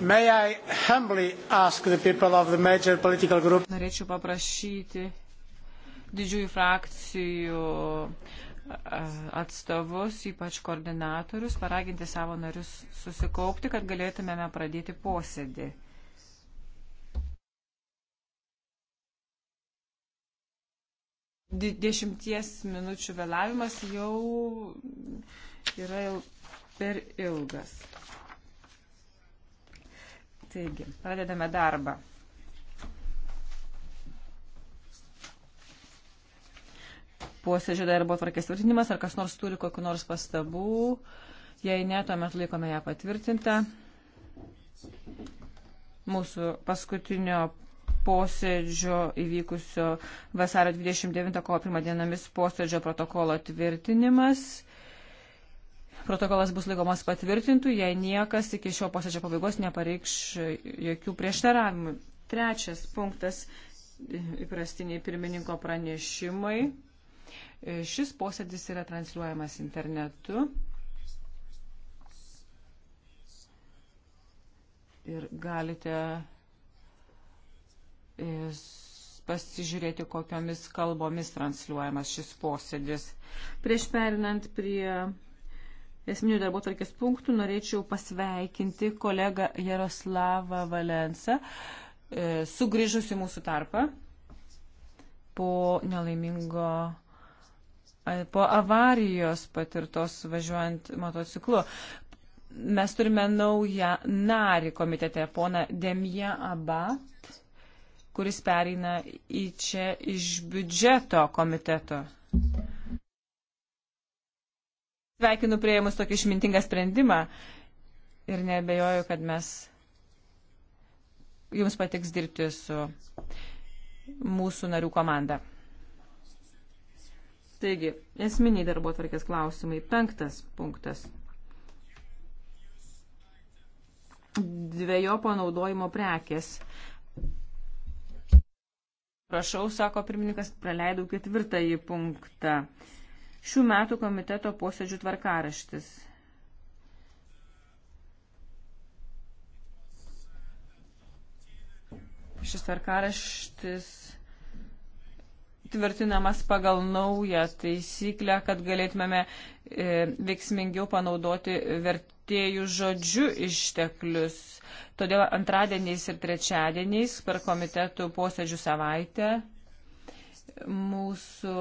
Norėčiau paprašyti didžiųjų frakcijų atstovus, ypač koordinatorius, paraginti savo narius susikaupti, kad galėtumėme pradėti posėdį. Dešimties minučių vėlavimas jau yra per ilgas. Taigi, pradedame darbą. Posėdžio darbo tvarkės tvirtinimas, ar kas nors turi kokiu nors pastabų. Jei ne, tuomet laikome ją patvirtintą. Mūsų paskutinio posėdžio įvykusio vasario 29 kovo 1 dienomis posėdžio protokolo tvirtinimas. Protokolas bus laikomas patvirtintų, jei niekas iki šio posėdžio pabaigos nepareikš jokių prieštaravimų. Trečias punktas - įprastiniai pirmininko pranešimai. Šis posėdis yra transliuojamas internetu. Ir galite pasižiūrėti, kokiomis kalbomis transliuojamas šis posėdis. Prieš perinant prie esminių darbo tarkės punktų norėčiau pasveikinti kolegą Jaroslavą Valensą, e, sugrįžusi mūsų tarpą po nelaimingo, po avarijos patirtos važiuojant motociklu. Mes turime naują narį komitete, poną Demija Abat, kuris pereina į čia iš biudžeto komiteto. Sveikinu prieimus tokį išmintingą sprendimą ir nebejoju, kad mes jums patiks dirbti su mūsų narių komanda. Taigi, esminiai darbo tvarkės klausimai. Penktas punktas. Dviejo panaudojimo prekės. Prašau, sako pirmininkas, praleidau ketvirtąjį punktą šių metų komiteto posėdžių tvarkaraštis. Šis tvarkaraštis tvirtinamas pagal naują taisyklę, kad galėtumėme e, veiksmingiau panaudoti vertėjų žodžių išteklius. Todėl antradieniais ir trečiadieniais per komitetų posėdžių savaitę mūsų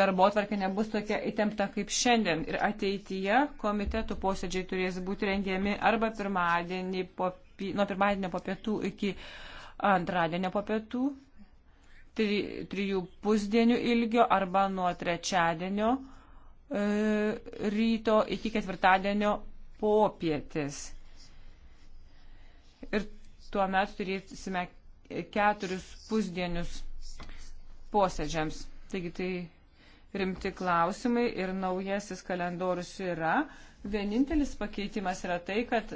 darbo atvarkė nebus tokia įtempta kaip šiandien. Ir ateityje komitetų posėdžiai turės būti rengiami arba pirmadienį po, nuo pirmadienio po pietų iki antradienio po pietų, tri, trijų pusdienių ilgio arba nuo trečiadienio e, ryto iki ketvirtadienio popietis. Ir tuomet turėsime keturis pusdienius posėdžiams. Taigi tai rimti klausimai ir naujasis kalendorius yra. Vienintelis pakeitimas yra tai, kad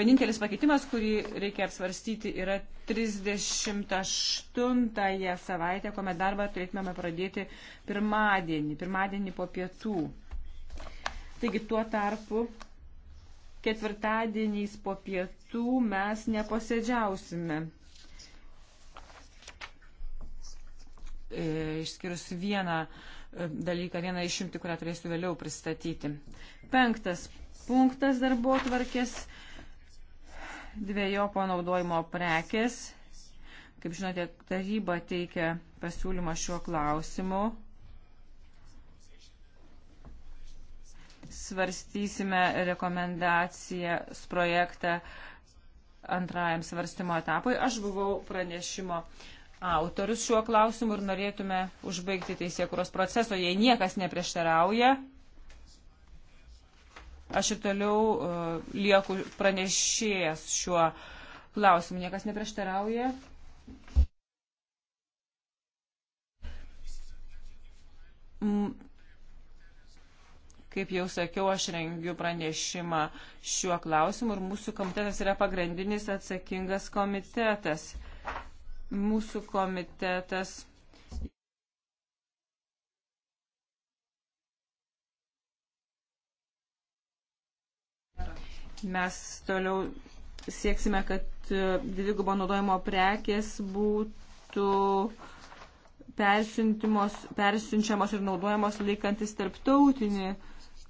vienintelis pakeitimas, kurį reikia apsvarstyti, yra 38 savaitę, kuomet darbą turėtumėme pradėti pirmadienį, pirmadienį po pietų. Taigi tuo tarpu ketvirtadieniais po pietų mes neposėdžiausime. E, išskyrus vieną e, dalyką, vieną išimtį, kurią turėsiu vėliau pristatyti. Penktas punktas darbo tvarkės dviejo panaudojimo prekės. Kaip žinote, taryba teikia pasiūlymą šiuo klausimu. Svarstysime rekomendaciją projektą antrajam svarstymo etapui. Aš buvau pranešimo uh, autorius šiuo klausimu ir norėtume užbaigti teisėkuros proceso, jei niekas neprieštarauja. Aš ir toliau uh, lieku pranešėjęs šiuo klausimu, niekas neprieštarauja. Mm. Kaip jau sakiau, aš rengiu pranešimą šiuo klausimu ir mūsų komitetas yra pagrindinis atsakingas komitetas. Uh, Mūsų komitetas. Mes toliau sieksime, kad e, dvigubo naudojimo prekės būtų persiunčiamos ir naudojamos laikantis tarptautinį,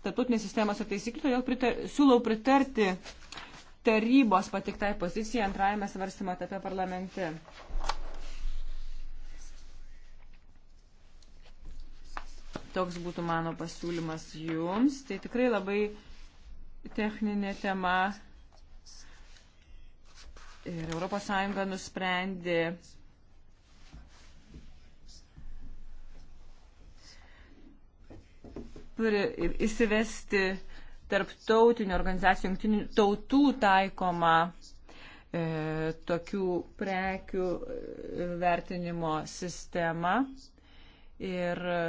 tarptautinės sistemos ir taisyklių, todėl pritar, siūlau pritarti tarybos patiktai pozicijai antrajame svarstymo etape parlamente. Toks būtų mano pasiūlymas jums. Tai tikrai labai techninė tema. Ir ES nusprendė pri, įsivesti tarptautinių organizacijų, jungtinių tautų taikomą e, tokių prekių e, vertinimo sistemą. Ir e,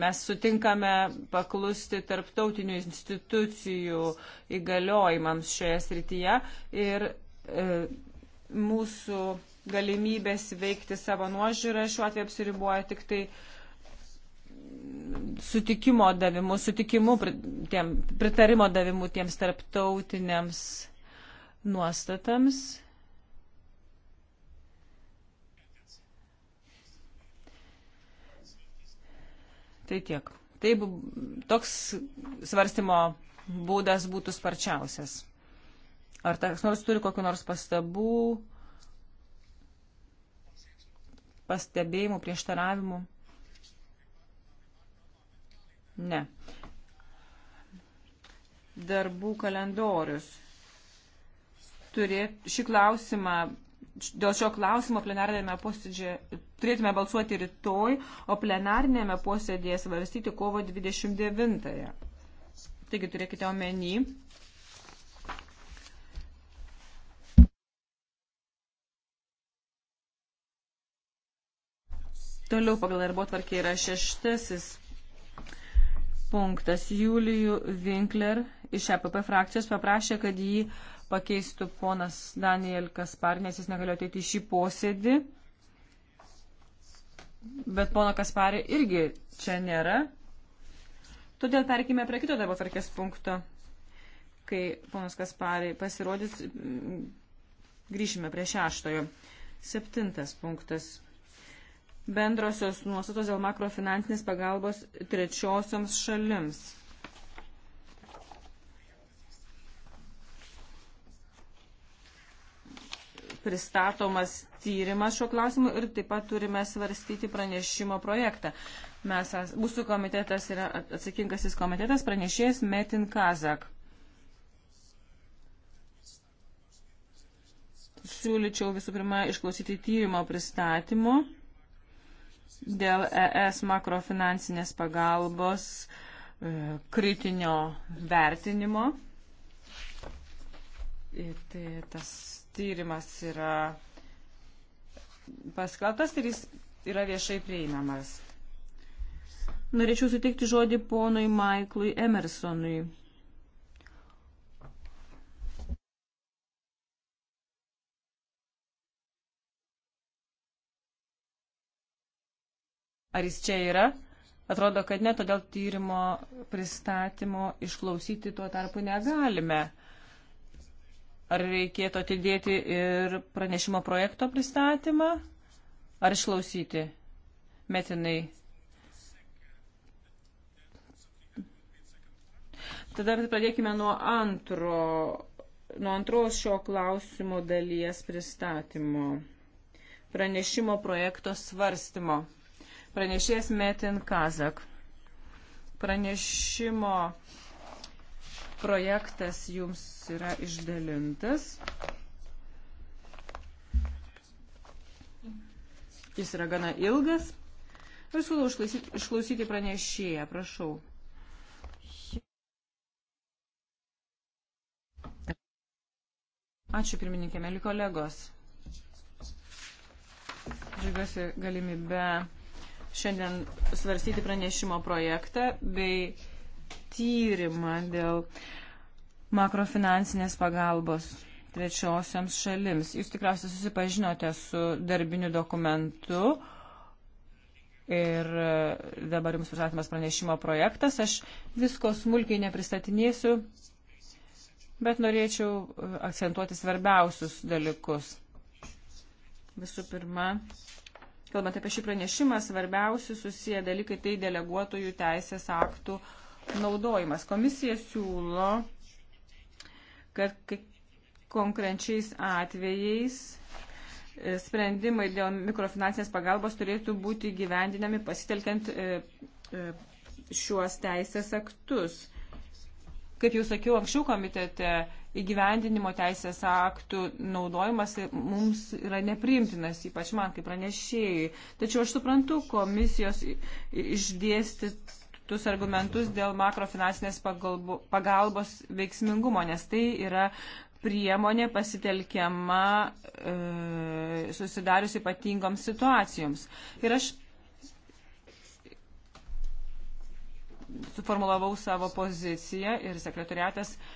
mes sutinkame paklusti tarptautinių institucijų įgaliojimams šioje srityje ir e, mūsų galimybės veikti savo nuožiūrą šiuo atveju apsiribuoja tik tai e, sutikimo davimu, sutikimu tiem, pritarimo davimu tiems tarptautiniams nuostatams. Tai tiek. Taip, toks svarstymo būdas būtų sparčiausias. Ar kas nors turi kokiu nors pastabų, pastebėjimų, prieštaravimų? Ne. Darbų kalendorius. Turė, šį klausimą, dėl šio klausimo plenarinėme posėdžio turėtume balsuoti rytoj, o plenarinėme posėdėje svarstyti kovo 29-ąją. Taigi turėkite omeny, Toliau pagal darbo tvarkė yra šeštasis punktas. Julijų Winkler iš EPP frakcijos paprašė, kad jį pakeistų ponas Daniel Kaspar, nes jis negalėjo ateiti į šį posėdį. Bet pono Kasparė irgi čia nėra. Todėl perkime prie kito darbo tvarkės punkto. Kai ponas Kasparė pasirodys, grįšime prie šeštojo. Septintas punktas bendrosios nuostatos dėl makrofinansinės pagalbos trečiosioms šalims. Pristatomas tyrimas šiuo klausimu ir taip pat turime svarstyti pranešimo projektą. Mes, mūsų komitetas yra atsakingasis komitetas, pranešėjas Metin Kazak. Siūlyčiau visų pirma išklausyti tyrimo pristatymu dėl ES makrofinansinės pagalbos e, kritinio vertinimo. Ir tai tas tyrimas yra paskaltas ir jis yra viešai prieinamas. Norėčiau suteikti žodį ponui Maiklui Emersonui Ar jis čia yra? Atrodo, kad ne, todėl tyrimo pristatymo išklausyti tuo tarpu negalime. Ar reikėtų atidėti ir pranešimo projekto pristatymą, ar išklausyti metinai? Tada pradėkime nuo, antro, nuo antros šio klausimo dalies pristatymo, pranešimo projekto svarstymo. Pranešės Metin Kazak. Pranešimo projektas jums yra išdalintas. Jis yra gana ilgas. Ir siūlau išklausyti, išklausyti pranešėją, prašau. Ačiū pirmininkė, mėly kolegos. Džiugiuosi galimybę šiandien svarstyti pranešimo projektą bei tyrimą dėl makrofinansinės pagalbos trečiosiams šalims. Jūs tikriausiai susipažinote su darbiniu dokumentu ir dabar jums pristatomas pranešimo projektas. Aš visko smulkiai nepristatinėsiu, bet norėčiau akcentuoti svarbiausius dalykus. Visų pirma, kalbant apie šį pranešimą, svarbiausi susiję dalykai tai deleguotojų teisės aktų naudojimas. Komisija siūlo, kad konkrečiais atvejais e, sprendimai dėl mikrofinansinės pagalbos turėtų būti gyvendinami pasitelkiant e, e, šiuos teisės aktus. Kaip jau sakiau anksčiau komitete, įgyvendinimo teisės aktų naudojimas mums yra nepriimtinas, ypač man kaip pranešėjai. Tačiau aš suprantu komisijos išdėstytus argumentus dėl makrofinansinės pagalbos veiksmingumo, nes tai yra priemonė pasitelkiama e, susidarius ypatingoms situacijoms. Ir aš suformulavau savo poziciją ir sekretariatas e,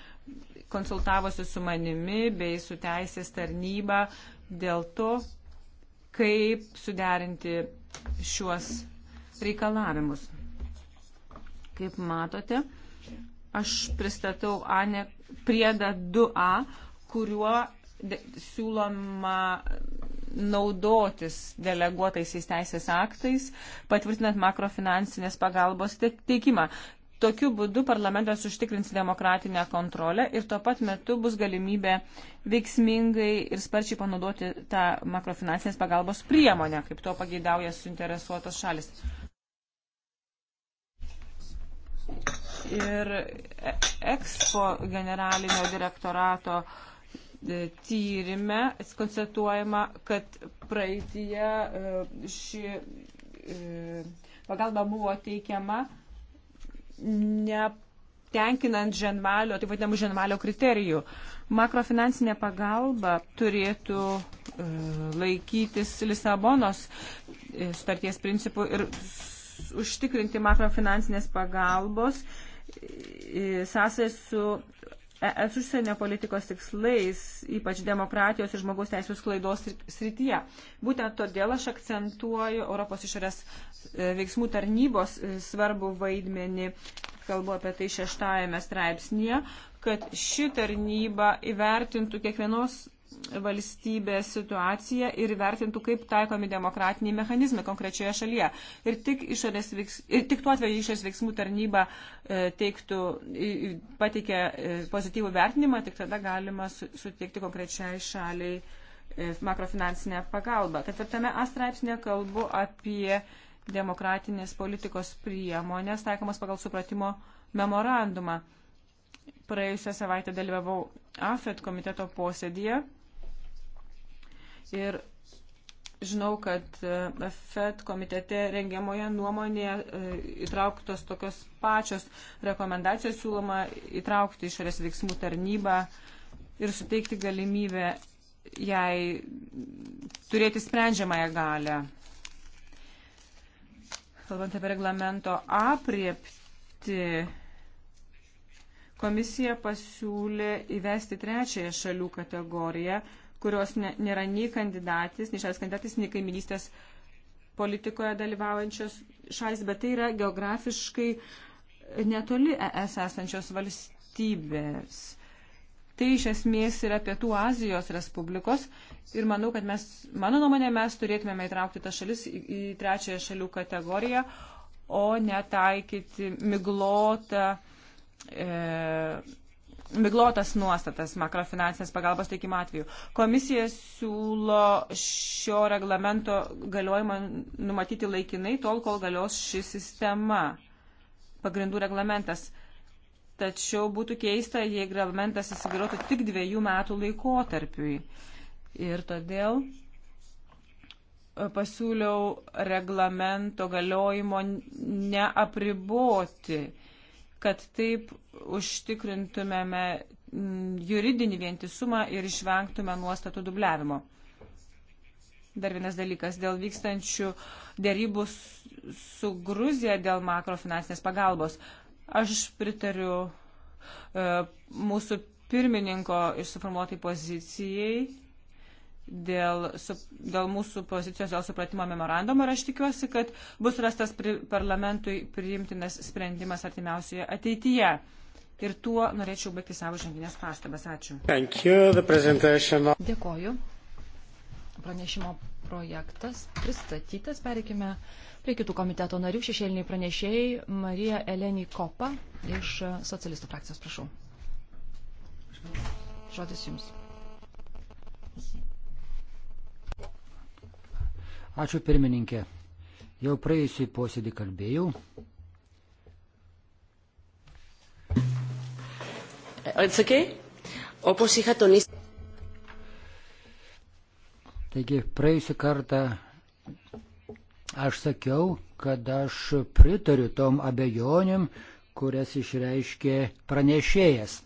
konsultavosi su manimi bei su teisės tarnyba dėl to, kaip suderinti šiuos reikalavimus. Kaip matote, aš pristatau ane, priedą 2A, kuriuo de, siūloma naudotis deleguotaisiais teisės aktais, patvirtinant makrofinansinės pagalbos teikimą. Tokiu būdu parlamentas užtikrins demokratinę kontrolę ir tuo pat metu bus galimybė veiksmingai ir sparčiai panaudoti tą makrofinansinės pagalbos priemonę, kaip to pageidauja suinteresuotos šalis. Ir Expo generalinio direktorato e, tyrime konstatuojama, kad praeitie e, ši e, pagalba buvo teikiama netenkinant ženvalio, tai vadinamų ženvalio kriterijų. Makrofinansinė pagalba turėtų e, laikytis Lisabonos e, starties principų ir užtikrinti makrofinansinės pagalbos e, sąsai su E, ES užsienio politikos tikslais, ypač demokratijos ir žmogaus teisų sklaidos srityje. Būtent todėl aš akcentuoju Europos išorės e, veiksmų tarnybos e, svarbų vaidmenį, kalbu apie tai šeštajame straipsnėje, kad ši tarnyba įvertintų kiekvienos valstybės situaciją ir vertintų, kaip taikomi demokratiniai mechanizmai konkrečioje šalyje. Ir tik, veiks, ir tik tuo atveju išorės veiksmų tarnyba e, teiktų, pateikė e, pozityvų vertinimą, tik tada galima suteikti konkrečiai šaliai e, makrofinansinę pagalbą. Ketvirtame A straipsnė kalbu apie demokratinės politikos priemonės taikomas pagal supratimo memorandumą. Praėjusią savaitę dalyvavau AFET komiteto posėdėje Ir žinau, kad e, FED komitete rengiamoje nuomonėje e, įtrauktos tokios pačios rekomendacijos siūloma įtraukti išorės veiksmų tarnybą ir suteikti galimybę jai turėti sprendžiamąją galę. Kalbant apie reglamento apriepti, komisija pasiūlė įvesti trečiąją šalių kategoriją kurios ne, nėra nei kandidatės, nei šalis kandidatės, nei kaiminystės politikoje dalyvaujančios šalis, bet tai yra geografiškai netoli ES esančios valstybės. Tai iš esmės yra Pietų Azijos Respublikos ir manau, kad mes, mano nuomonė, mes turėtumėme įtraukti tą šalis į, į trečiąją šalių kategoriją, o netaikyti miglotą e, miglotas nuostatas makrofinansinės pagalbos teikimo atveju. Komisija siūlo šio reglamento galiojimą numatyti laikinai tol, kol galios ši sistema, pagrindų reglamentas. Tačiau būtų keista, jei reglamentas įsigaliotų tik dviejų metų laikotarpiui. Ir todėl e, pasiūliau reglamento galiojimo neapriboti kad taip užtikrintumėme juridinį vientisumą ir išvengtume nuostatų dubliavimo. Dar vienas dalykas dėl vykstančių dėrybų su Gruzija dėl makrofinansinės pagalbos. Aš pritariu e, mūsų pirmininko išsuformuotai pozicijai dėl, su, dėl mūsų pozicijos, dėl supratimo memorandumo ir aš tikiuosi, kad bus rastas pri, parlamentui priimtinas sprendimas artimiausioje ateityje. Ir tuo norėčiau baigti savo žanginės pastabas. Ačiū. Dėkoju. Pranešimo projektas pristatytas. Pereikime prie kitų komiteto narių. Šešėliniai pranešėjai Marija Eleni Kopa iš socialistų frakcijos. Prašau. Žodis jums. Thank you. Ačiū pirmininkė. Jau praėjusiu posėdį kalbėjau. Okay. Taigi, praėjusią kartą aš sakiau, kad aš pritariu tom abejonim, kurias išreiškė pranešėjas.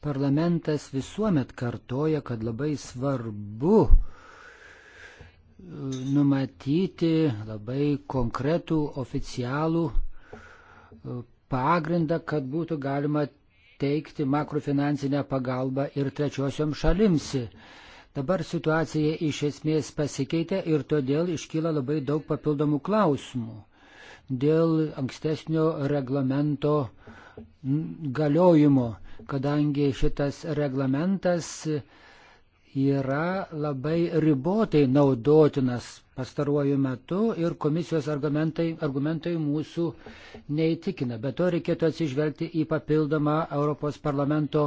Parlamentas visuomet kartoja, kad labai svarbu e, numatyti labai konkretų oficialų e, pagrindą, kad būtų galima teikti makrofinansinę pagalbą ir trečiosiom šalims. Dabar situacija iš esmės pasikeitė ir todėl iškyla labai daug papildomų klausimų dėl ankstesnio reglamento uh, galiojimo, kadangi šitas reglamentas yra labai ribotai naudotinas pastaruoju metu ir komisijos argumentai, argumentai mūsų neįtikina. Bet to reikėtų atsižvelgti į papildomą Europos parlamento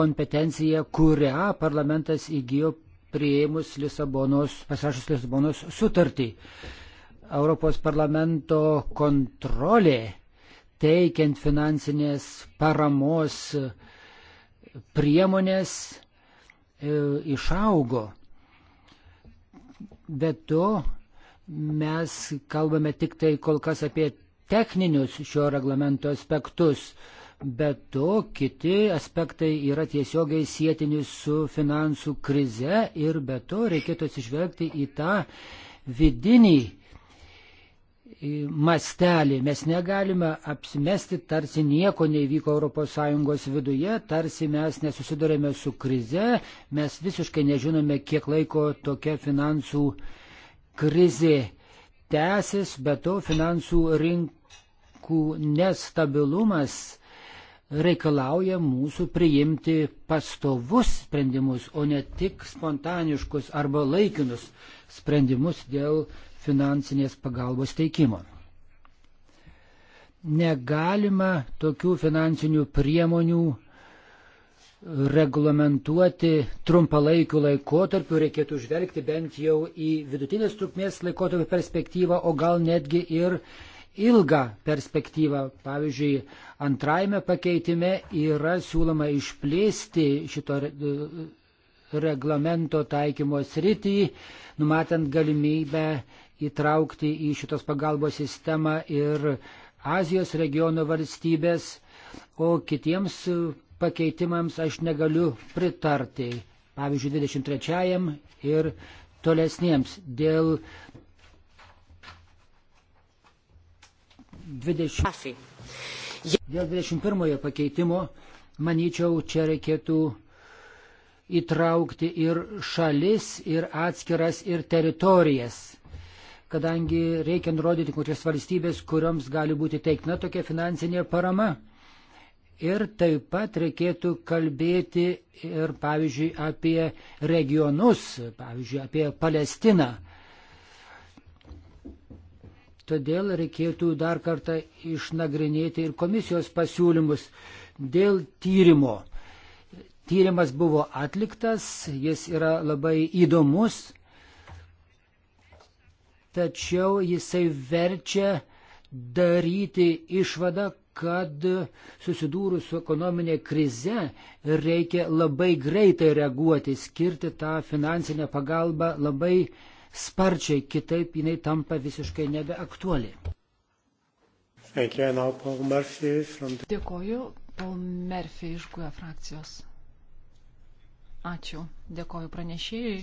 kompetenciją, kurią parlamentas įgyjo prieimus Lisabonos, pasirašus Lisabonos sutartį. Europos parlamento kontrolė teikiant finansinės paramos priemonės e, išaugo. Bet to mes kalbame tik tai kol kas apie techninius šio reglamento aspektus, bet to kiti aspektai yra tiesiogiai sėtini su finansų krize ir be to reikėtų atsižvelgti į tą vidinį mastelį. Mes negalime apsimesti, tarsi nieko nevyko ES viduje, tarsi mes nesusidurėme su krize, mes visiškai nežinome, kiek laiko tokia finansų krizė tęsis, bet to finansų rinkų nestabilumas reikalauja mūsų priimti pastovus sprendimus, o ne tik spontaniškus arba laikinus sprendimus dėl finansinės pagalbos teikimo. Negalima tokių finansinių priemonių reglamentuoti trumpalaikiu laikotarpiu, reikėtų žvelgti bent jau į vidutinės trukmės laikotarpio perspektyvą, o gal netgi ir ilgą perspektyvą. Pavyzdžiui, antrajame pakeitime yra siūloma išplėsti šito reglamento taikymo sritį, numatant galimybę įtraukti į šitos pagalbos sistemą ir Azijos regiono valstybės, o kitiems pakeitimams aš negaliu pritarti, pavyzdžiui, 23-ajam ir tolesniems dėl 20. Dėl 21 pakeitimo, manyčiau, čia reikėtų įtraukti ir šalis, ir atskiras, ir teritorijas kadangi reikia nurodyti kokias valstybės, kurioms gali būti teikna tokia finansinė parama. Ir taip pat reikėtų kalbėti ir, pavyzdžiui, apie regionus, pavyzdžiui, apie Palestiną. Todėl reikėtų dar kartą išnagrinėti ir komisijos pasiūlymus dėl tyrimo. Tyrimas buvo atliktas, jis yra labai įdomus, tačiau jisai verčia daryti išvadą, kad susidūrus su ekonominė krize reikia labai greitai reaguoti, skirti tą finansinę pagalbą labai sparčiai, kitaip jinai tampa visiškai nebeaktuali. From... Dėkoju, Paul Murphy iš GUE frakcijos. Ačiū, dėkoju pranešėjai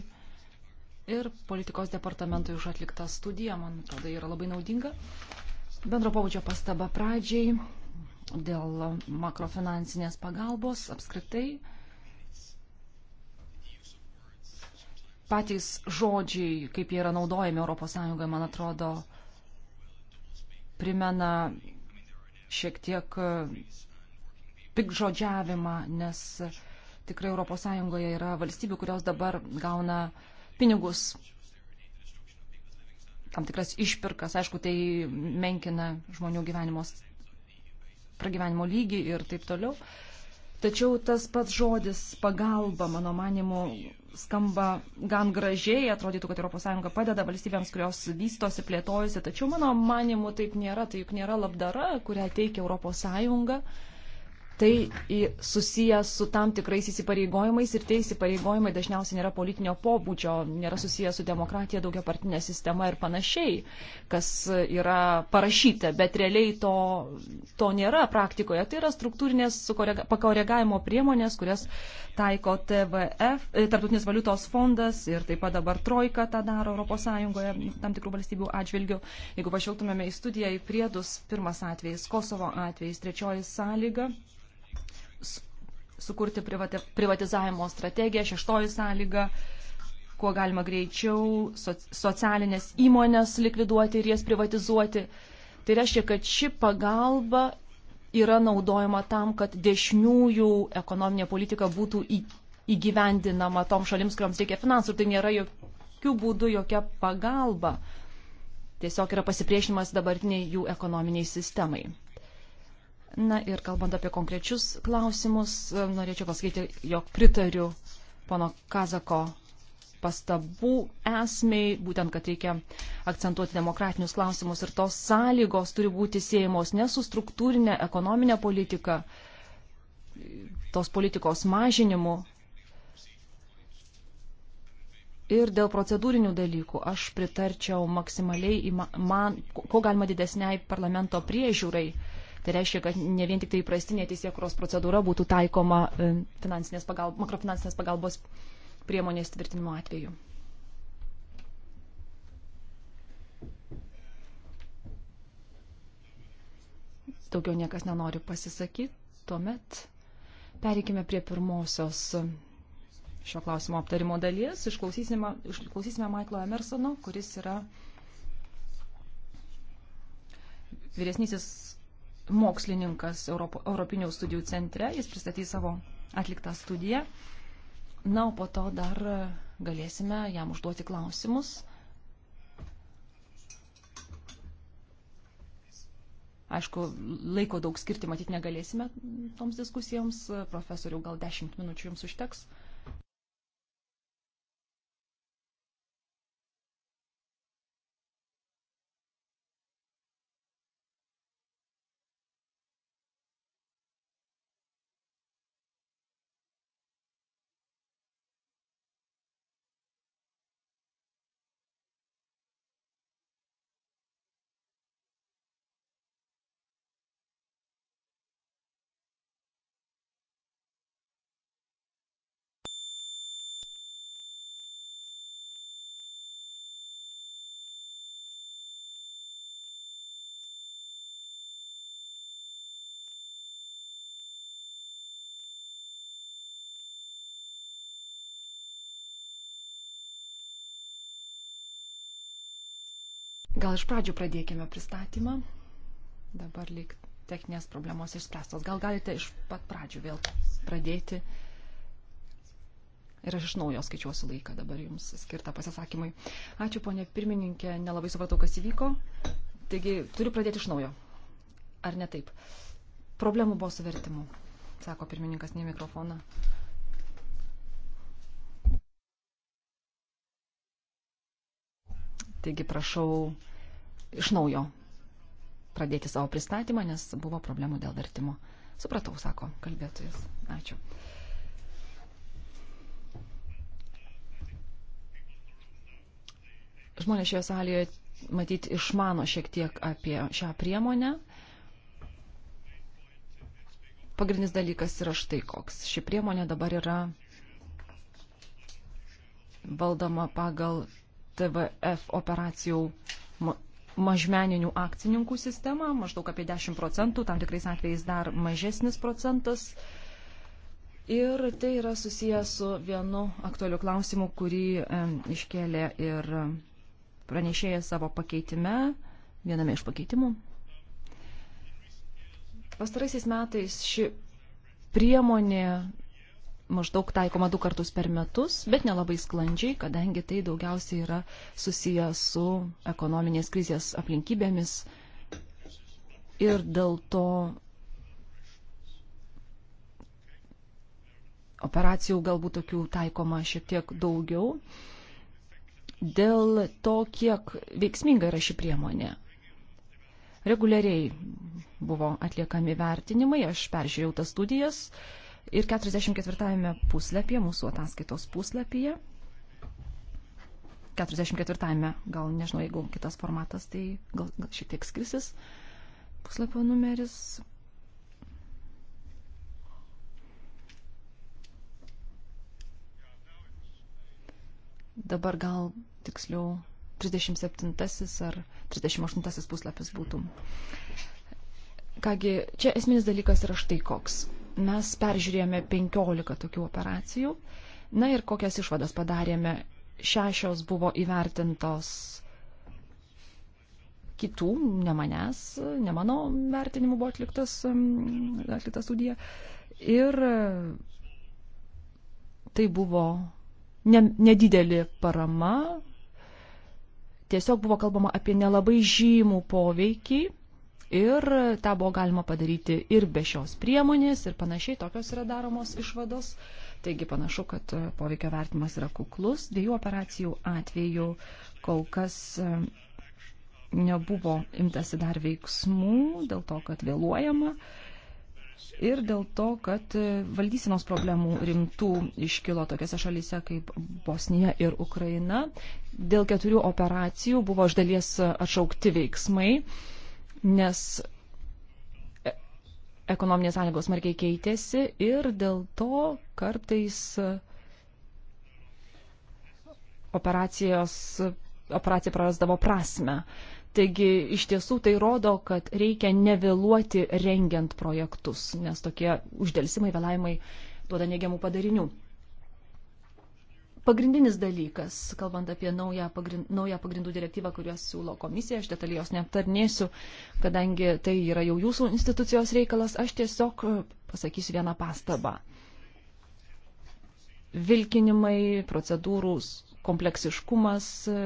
ir politikos departamentui už atliktą studiją. Man atrodo, yra labai naudinga. Bendro pabudžio pastaba pradžiai dėl makrofinansinės pagalbos apskritai. Patys žodžiai, kaip jie yra naudojami ES, man atrodo, primena šiek tiek pikžodžiavimą, nes tikrai ES yra valstybių, kurios dabar gauna pinigus tam tikras išpirkas, aišku, tai menkina žmonių gyvenimo, pragyvenimo lygį ir taip toliau. Tačiau tas pats žodis pagalba, mano manimu, skamba gan gražiai, atrodytų, kad ES padeda valstybėms, kurios vystosi, plėtojasi, tačiau mano manimu taip nėra, tai juk nėra labdara, kurią teikia ES tai susiję su tam tikrais įsipareigojimais ir tie įsipareigojimai dažniausiai nėra politinio pobūdžio, nėra susiję su demokratija, daugia partinė sistema ir panašiai, kas yra parašyta, bet realiai to, to nėra praktikoje. Tai yra struktūrinės pakoregavimo priemonės, kurias taiko TVF, e, Tartutinis valiutos fondas ir taip pat dabar Trojka tą daro ES tam tikrų valstybių atžvilgių. Jeigu pažvelgtumėme į studiją, į priedus, pirmas atvejis, Kosovo atvejis, trečioji sąlyga sukurti privati, privatizavimo strategiją, šeštoji sąlyga, kuo galima greičiau socialinės įmonės likviduoti ir jas privatizuoti. Tai reiškia, kad ši pagalba yra naudojama tam, kad dešiniųjų ekonominė politika būtų įgyvendinama tom šalims, kuriams reikia finansų. Tai nėra jokių būdų jokia pagalba. Tiesiog yra pasipriešinimas dabartiniai jų ekonominiai sistemai. Na ir kalbant apie konkrečius klausimus, norėčiau pasakyti, jog pritariu pono Kazako pastabų esmiai, būtent, kad reikia akcentuoti demokratinius klausimus ir tos sąlygos turi būti siejamos ne su struktūrinė ekonominė politika, tos politikos mažinimu. Ir dėl procedūrinių dalykų aš pritarčiau maksimaliai, man, ko galima didesniai parlamento priežiūrai Tai reiškia, kad ne vien tik tai įprastinė teisėkros procedūra būtų taikoma e, finansinės pagalbos, makrofinansinės pagalbos priemonės tvirtinimo atveju. Daugiau niekas nenori pasisakyti. Tuomet pereikime prie pirmosios šio klausimo aptarimo dalies. Išklausysime, išklausysime Michaelo Emersono, kuris yra vyresnysis mokslininkas Europo, Europinio studijų centre, jis pristatys savo atliktą studiją. Na, o po to dar galėsime jam užduoti klausimus. Aišku, laiko daug skirti matyt negalėsime toms diskusijoms. Profesoriau, gal dešimt minučių jums užteks. Uh, Gal iš pradžių pradėkime pristatymą. Dabar lyg techninės problemos išspręstos. Gal galite iš pat pradžių vėl pradėti. Ir aš iš naujo skaičiuosiu laiką dabar jums skirtą pasisakymui. Ačiū, ponė pirmininkė, nelabai supratau, kas įvyko. Taigi turiu pradėti iš naujo. Ar ne taip? Problemų buvo su vertimu, sako pirmininkas, ne mikrofoną. Taigi prašau iš naujo pradėti savo pristatymą, nes buvo problemų dėl vertimo. Supratau, sako kalbėtojas. Ačiū. Žmonės šioje salėje matyti išmano šiek tiek apie šią priemonę. Pagrindinis dalykas yra štai koks. Ši priemonė dabar yra valdoma pagal TVF operacijų mažmeninių akcininkų sistemą, maždaug apie 10 procentų, tam tikrais atvejais dar mažesnis procentas. Ir tai yra susijęs su vienu aktualiu klausimu, kurį e, iškėlė ir pranešėja savo pakeitime, viename iš pakeitimų. Pastaraisiais metais ši priemonė maždaug taikoma du kartus per metus, bet nelabai sklandžiai, kadangi tai daugiausiai yra susiję su ekonominės krizės aplinkybėmis ir dėl to operacijų galbūt tokių taikoma šiek tiek daugiau. Dėl to, kiek veiksminga yra ši priemonė. Reguliariai buvo atliekami vertinimai, aš peržiūrėjau tas studijas, ir 44 puslapyje, mūsų ataskaitos puslapyje. 44, gal nežinau, jeigu kitas formatas, tai gal, gal šiek tiek skrisis puslapio numeris. Dabar gal tiksliau 37 ar 38 puslapis būtų. Kągi, čia esminis dalykas yra štai koks mes peržiūrėjome 15 tokių operacijų. Na ir kokias išvadas padarėme? Šešios buvo įvertintos kitų, ne manęs, ne mano vertinimu buvo atliktas, atlikta studija. Ir tai buvo ne, nedidelė parama. Tiesiog buvo kalbama apie nelabai žymų poveikį ir tą buvo galima padaryti ir be šios priemonės ir panašiai tokios yra daromos išvados. Taigi panašu, kad e, poveikio vertimas yra kuklus. Dviejų operacijų atveju kol kas e, nebuvo imtasi dar veiksmų dėl to, kad vėluojama ir dėl to, kad e, valdysenos problemų rimtų iškilo tokiose šalyse kaip Bosnija ir Ukraina. Dėl keturių operacijų buvo iš dalies atšaukti veiksmai nes e, ekonominės sąlygos smarkiai keitėsi ir dėl to kartais operacijos, operacija prarasdavo prasme. Taigi iš tiesų tai rodo, kad reikia nevėluoti rengiant projektus, nes tokie uždėlsimai, vėlavimai duoda neigiamų padarinių pagrindinis dalykas, kalbant apie naują, pagrind, naują pagrindų direktyvą, kuriuos siūlo komisija, aš detaliai jos neaptarnėsiu, kadangi tai yra jau jūsų institucijos reikalas, aš tiesiog e, pasakysiu vieną pastabą. Vilkinimai, procedūrų kompleksiškumas e,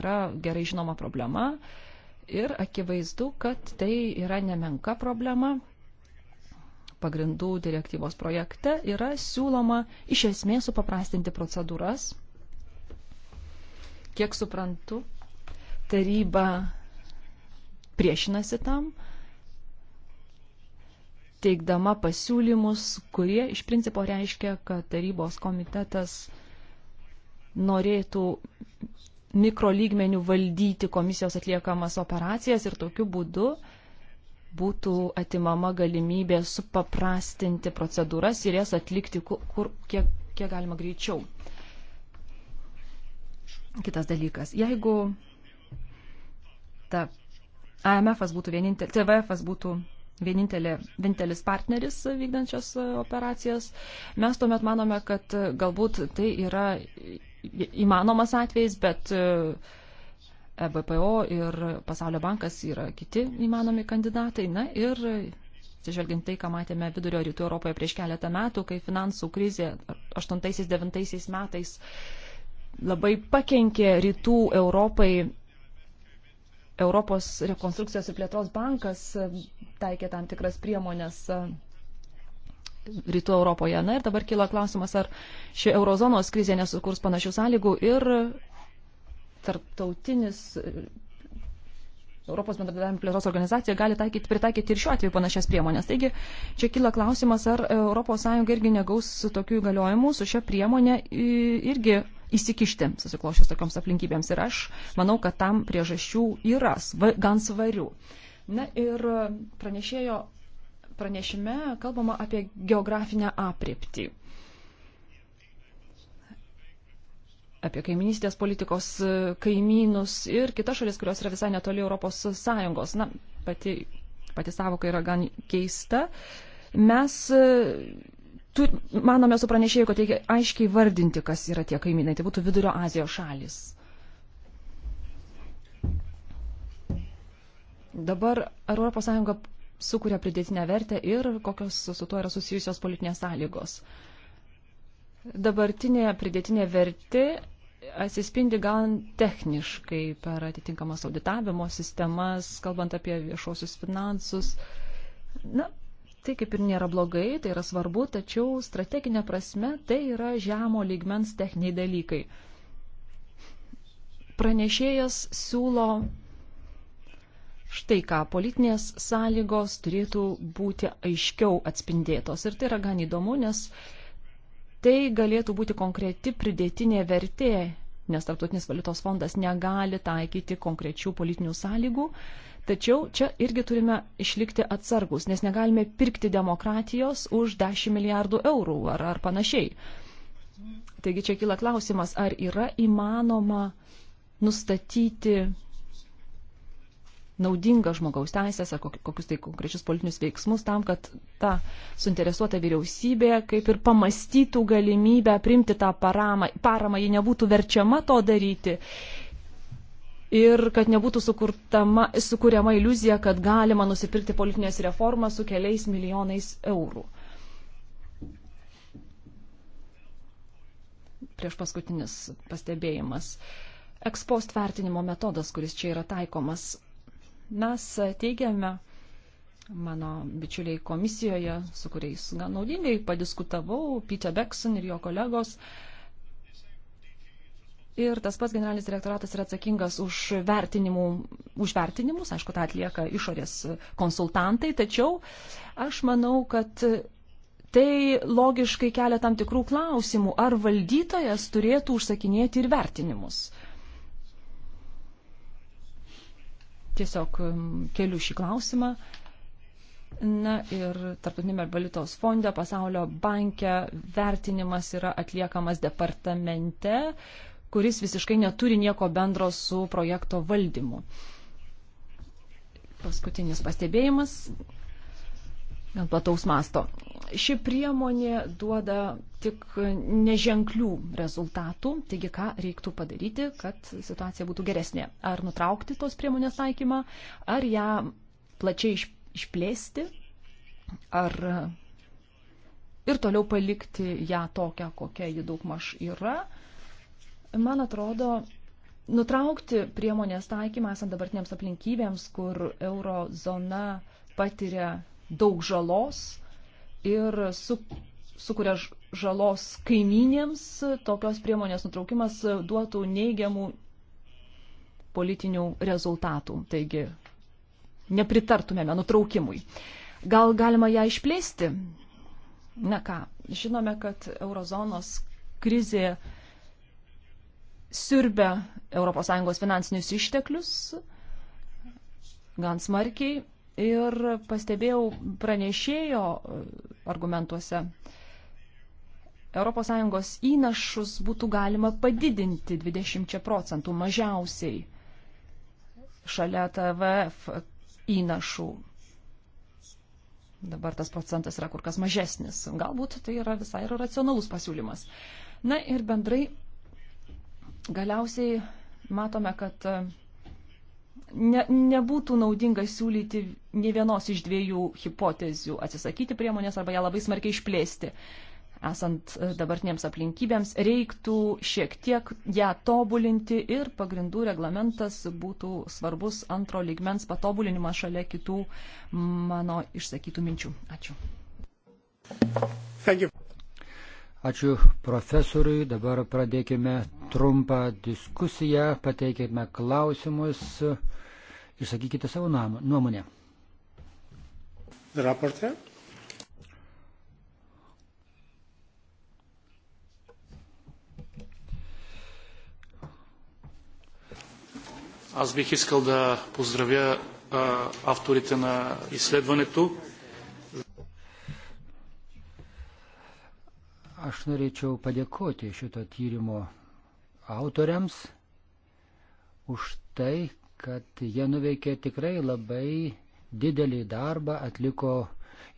yra gerai žinoma problema ir akivaizdu, kad tai yra nemenka problema pagrindų direktyvos projekte yra siūloma iš esmės supaprastinti procedūras. Kiek suprantu, taryba priešinasi tam, teikdama pasiūlymus, kurie iš principo reiškia, kad tarybos komitetas norėtų mikrolygmenių valdyti komisijos atliekamas operacijas ir tokiu būdu uh, būtų atimama galimybė supaprastinti procedūras ir jas atlikti kur, kur kiek, kiek galima greičiau. Kitas dalykas, jeigu ta AMF būtų vienintelis, TVF būtų vienintelė, vienintelis partneris vykdančias operacijas, mes tuomet manome, kad galbūt tai yra įmanomas atvejis, bet uh, EBPO ir Pasaulio bankas yra kiti įmanomi kandidatai. Na ir atsižvelgiant tai, ką matėme vidurio rytų Europoje prieš keletą metų, kai finansų krizė 8-9 metais labai pakenkė rytų Europai. Europos rekonstrukcijos ir plėtros bankas taikė tam tikras priemonės e, rytų Europoje. Na ir dabar kyla klausimas, ar ši eurozonos krizė nesukurs panašių sąlygų ir tarptautinis Europos bendradarbiavimo plėtros organizacija gali taikyti, pritaikyti ir šiuo atveju panašias priemonės. Taigi čia kyla klausimas, ar ES irgi negaus tokių įgaliojimų su šia priemonė irgi įsikišti susiklošius tokioms aplinkybėms. Ir aš manau, kad tam priežasčių yra sva, gan svarių. Na ir pranešėjo pranešime kalbama apie geografinę apriptį. apie kaiminystės politikos e, kaimynus ir kitas šalis, kurios yra visai netoli Europos Sąjungos. Na, pati, pati savoka yra gan keista. Mes e, tu, manome su pranešėju, kad reikia aiškiai vardinti, kas yra tie kaimynai. Tai būtų Vidurio Azijos šalis. Dabar ar ES sukuria pridėtinę vertę ir kokios su tuo yra susijusios politinės sąlygos? Dabartinė pridėtinė vertė atsispindi gal techniškai per atitinkamas auditavimo sistemas, kalbant apie viešuosius finansus. Na, tai kaip ir nėra blogai, tai yra svarbu, tačiau strateginė prasme tai yra žemo lygmens techniniai dalykai. Pranešėjas siūlo štai ką politinės sąlygos turėtų būti aiškiau atspindėtos. Ir tai yra gan įdomu, nes uh, tai galėtų būti konkreti pridėtinė vertė, nes Tarptautinis valiutos fondas negali taikyti konkrečių politinių sąlygų. Tačiau čia irgi turime išlikti atsargus, nes negalime pirkti demokratijos už 10 milijardų eurų ar, ar panašiai. Taigi čia kyla klausimas, ar yra įmanoma nustatyti naudinga žmogaus teisės ar kokius tai konkrečius politinius veiksmus tam, kad ta suinteresuota vyriausybė kaip ir pamastytų galimybę primti tą paramą, paramą ji nebūtų verčiama to daryti. Ir kad nebūtų sukūriama iliuzija, kad galima nusipirkti politinės reformas su keliais milijonais eurų. Prieš paskutinis pastebėjimas ekspost vertinimo metodas, kuris čia yra taikomas, Mes teigiame, mano bičiuliai komisijoje, su kuriais gan naudingai padiskutavau, Peter Bekson ir jo kolegos, Ir tas pats generalinis direktoratas yra atsakingas už, vertinimų, už vertinimus, aišku, tą atlieka išorės konsultantai, tačiau aš manau, kad tai logiškai kelia tam tikrų klausimų, ar valdytojas turėtų užsakinėti ir vertinimus. Uh, tiesiog um, keliu šį klausimą. Na ir Tartutinėme valiutos fonde, pasaulio banke vertinimas yra atliekamas departamente, kuris visiškai neturi nieko bendro su projekto valdymu. Paskutinis pastebėjimas gan plataus masto. Ši priemonė duoda tik neženklių rezultatų, taigi ką reiktų padaryti, kad situacija būtų geresnė. Ar nutraukti tos priemonės taikymą, ar ją plačiai išplėsti, ar ir toliau palikti ją tokią, kokia ji daugmaž yra. Man atrodo, nutraukti priemonės taikymą esant dabartiniams aplinkybėms, kur eurozona patiria daug žalos ir su, sukuria žalos kaimynėms, tokios priemonės nutraukimas duotų neigiamų politinių rezultatų. Taigi nepritartumėme nutraukimui. Gal galima ją išplėsti? Na ką, žinome, kad eurozonos krizė siurbia ES finansinius išteklius gan smarkiai ir pastebėjau pranešėjo e, argumentuose. ES įnašus būtų galima padidinti 20 procentų mažiausiai šalia TVF įnašų. Dabar tas procentas yra kur kas mažesnis. Galbūt tai yra visai ir racionalus pasiūlymas. Na ir bendrai galiausiai matome, kad ne, nebūtų naudinga siūlyti ne vienos iš dviejų hipotezių - atsisakyti priemonės arba ją labai smarkiai išplėsti. Esant e, dabartiniams aplinkybėms, reiktų šiek tiek ją tobulinti ir pagrindų reglamentas būtų svarbus antro ligmens patobulinimas šalia kitų mano išsakytų minčių. Ačiū. Ačiū profesoriui. Dabar pradėkime trumpą diskusiją, pateikėme klausimus, išsakykite savo nuomonę. Raportė. Аз бих искал да поздравя а, авторите на изследването. Aš norėčiau padėkoti šito tyrimo autoriams už tai, kad jie nuveikė tikrai labai didelį darbą, atliko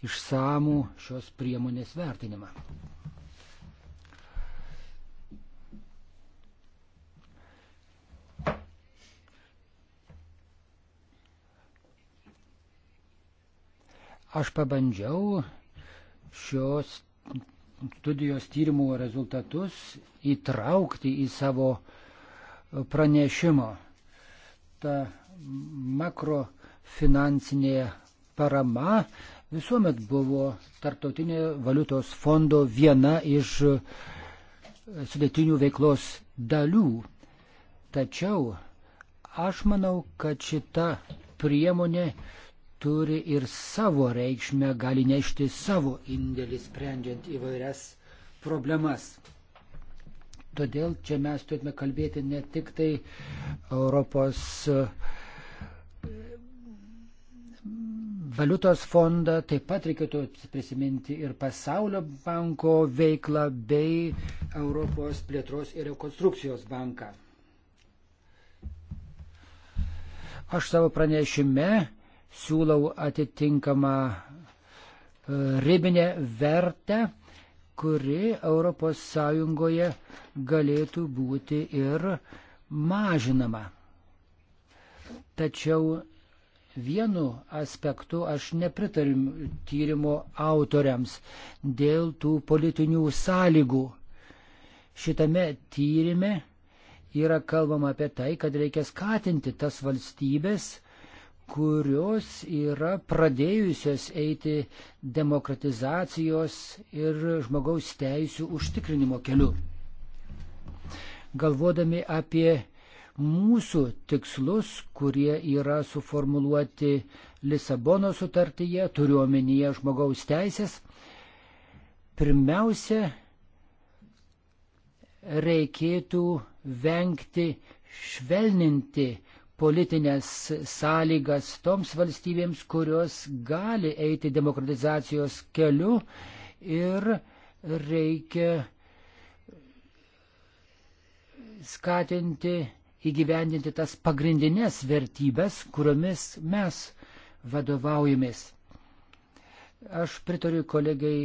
išsamų šios priemonės vertinimą. Aš pabandžiau šios studijos tyrimų rezultatus įtraukti į savo pranešimo. Ta makrofinansinė parama visuomet buvo Tartautinio valiutos fondo viena iš sudėtinių veiklos dalių. Tačiau aš manau, kad šita priemonė turi ir savo reikšmę, gali nešti savo indėlį sprendžiant įvairias problemas. Todėl čia mes turime kalbėti ne tik tai Europos valiutos fondą, taip pat reikėtų prisiminti ir pasaulio banko veiklą bei Europos plėtros ir rekonstrukcijos banką. Aš savo pranešime siūlau atitinkamą e, ribinę vertę, kuri ES galėtų būti ir mažinama. Tačiau vienu aspektu aš nepritariu tyrimo autoriams dėl tų politinių sąlygų. Šitame tyrime yra kalbama apie tai, kad reikia skatinti tas valstybės, kurios yra pradėjusios eiti demokratizacijos ir žmogaus teisų užtikrinimo keliu. Galvodami apie mūsų tikslus, kurie yra suformuluoti Lisabono sutartyje, turiuomenyje žmogaus teisės, pirmiausia, reikėtų vengti švelninti politinės sąlygas toms valstybėms, kurios gali eiti demokratizacijos keliu ir reikia skatinti įgyvendinti tas pagrindinės vertybės, kuriomis mes vadovaujamės. Aš pritariu kolegai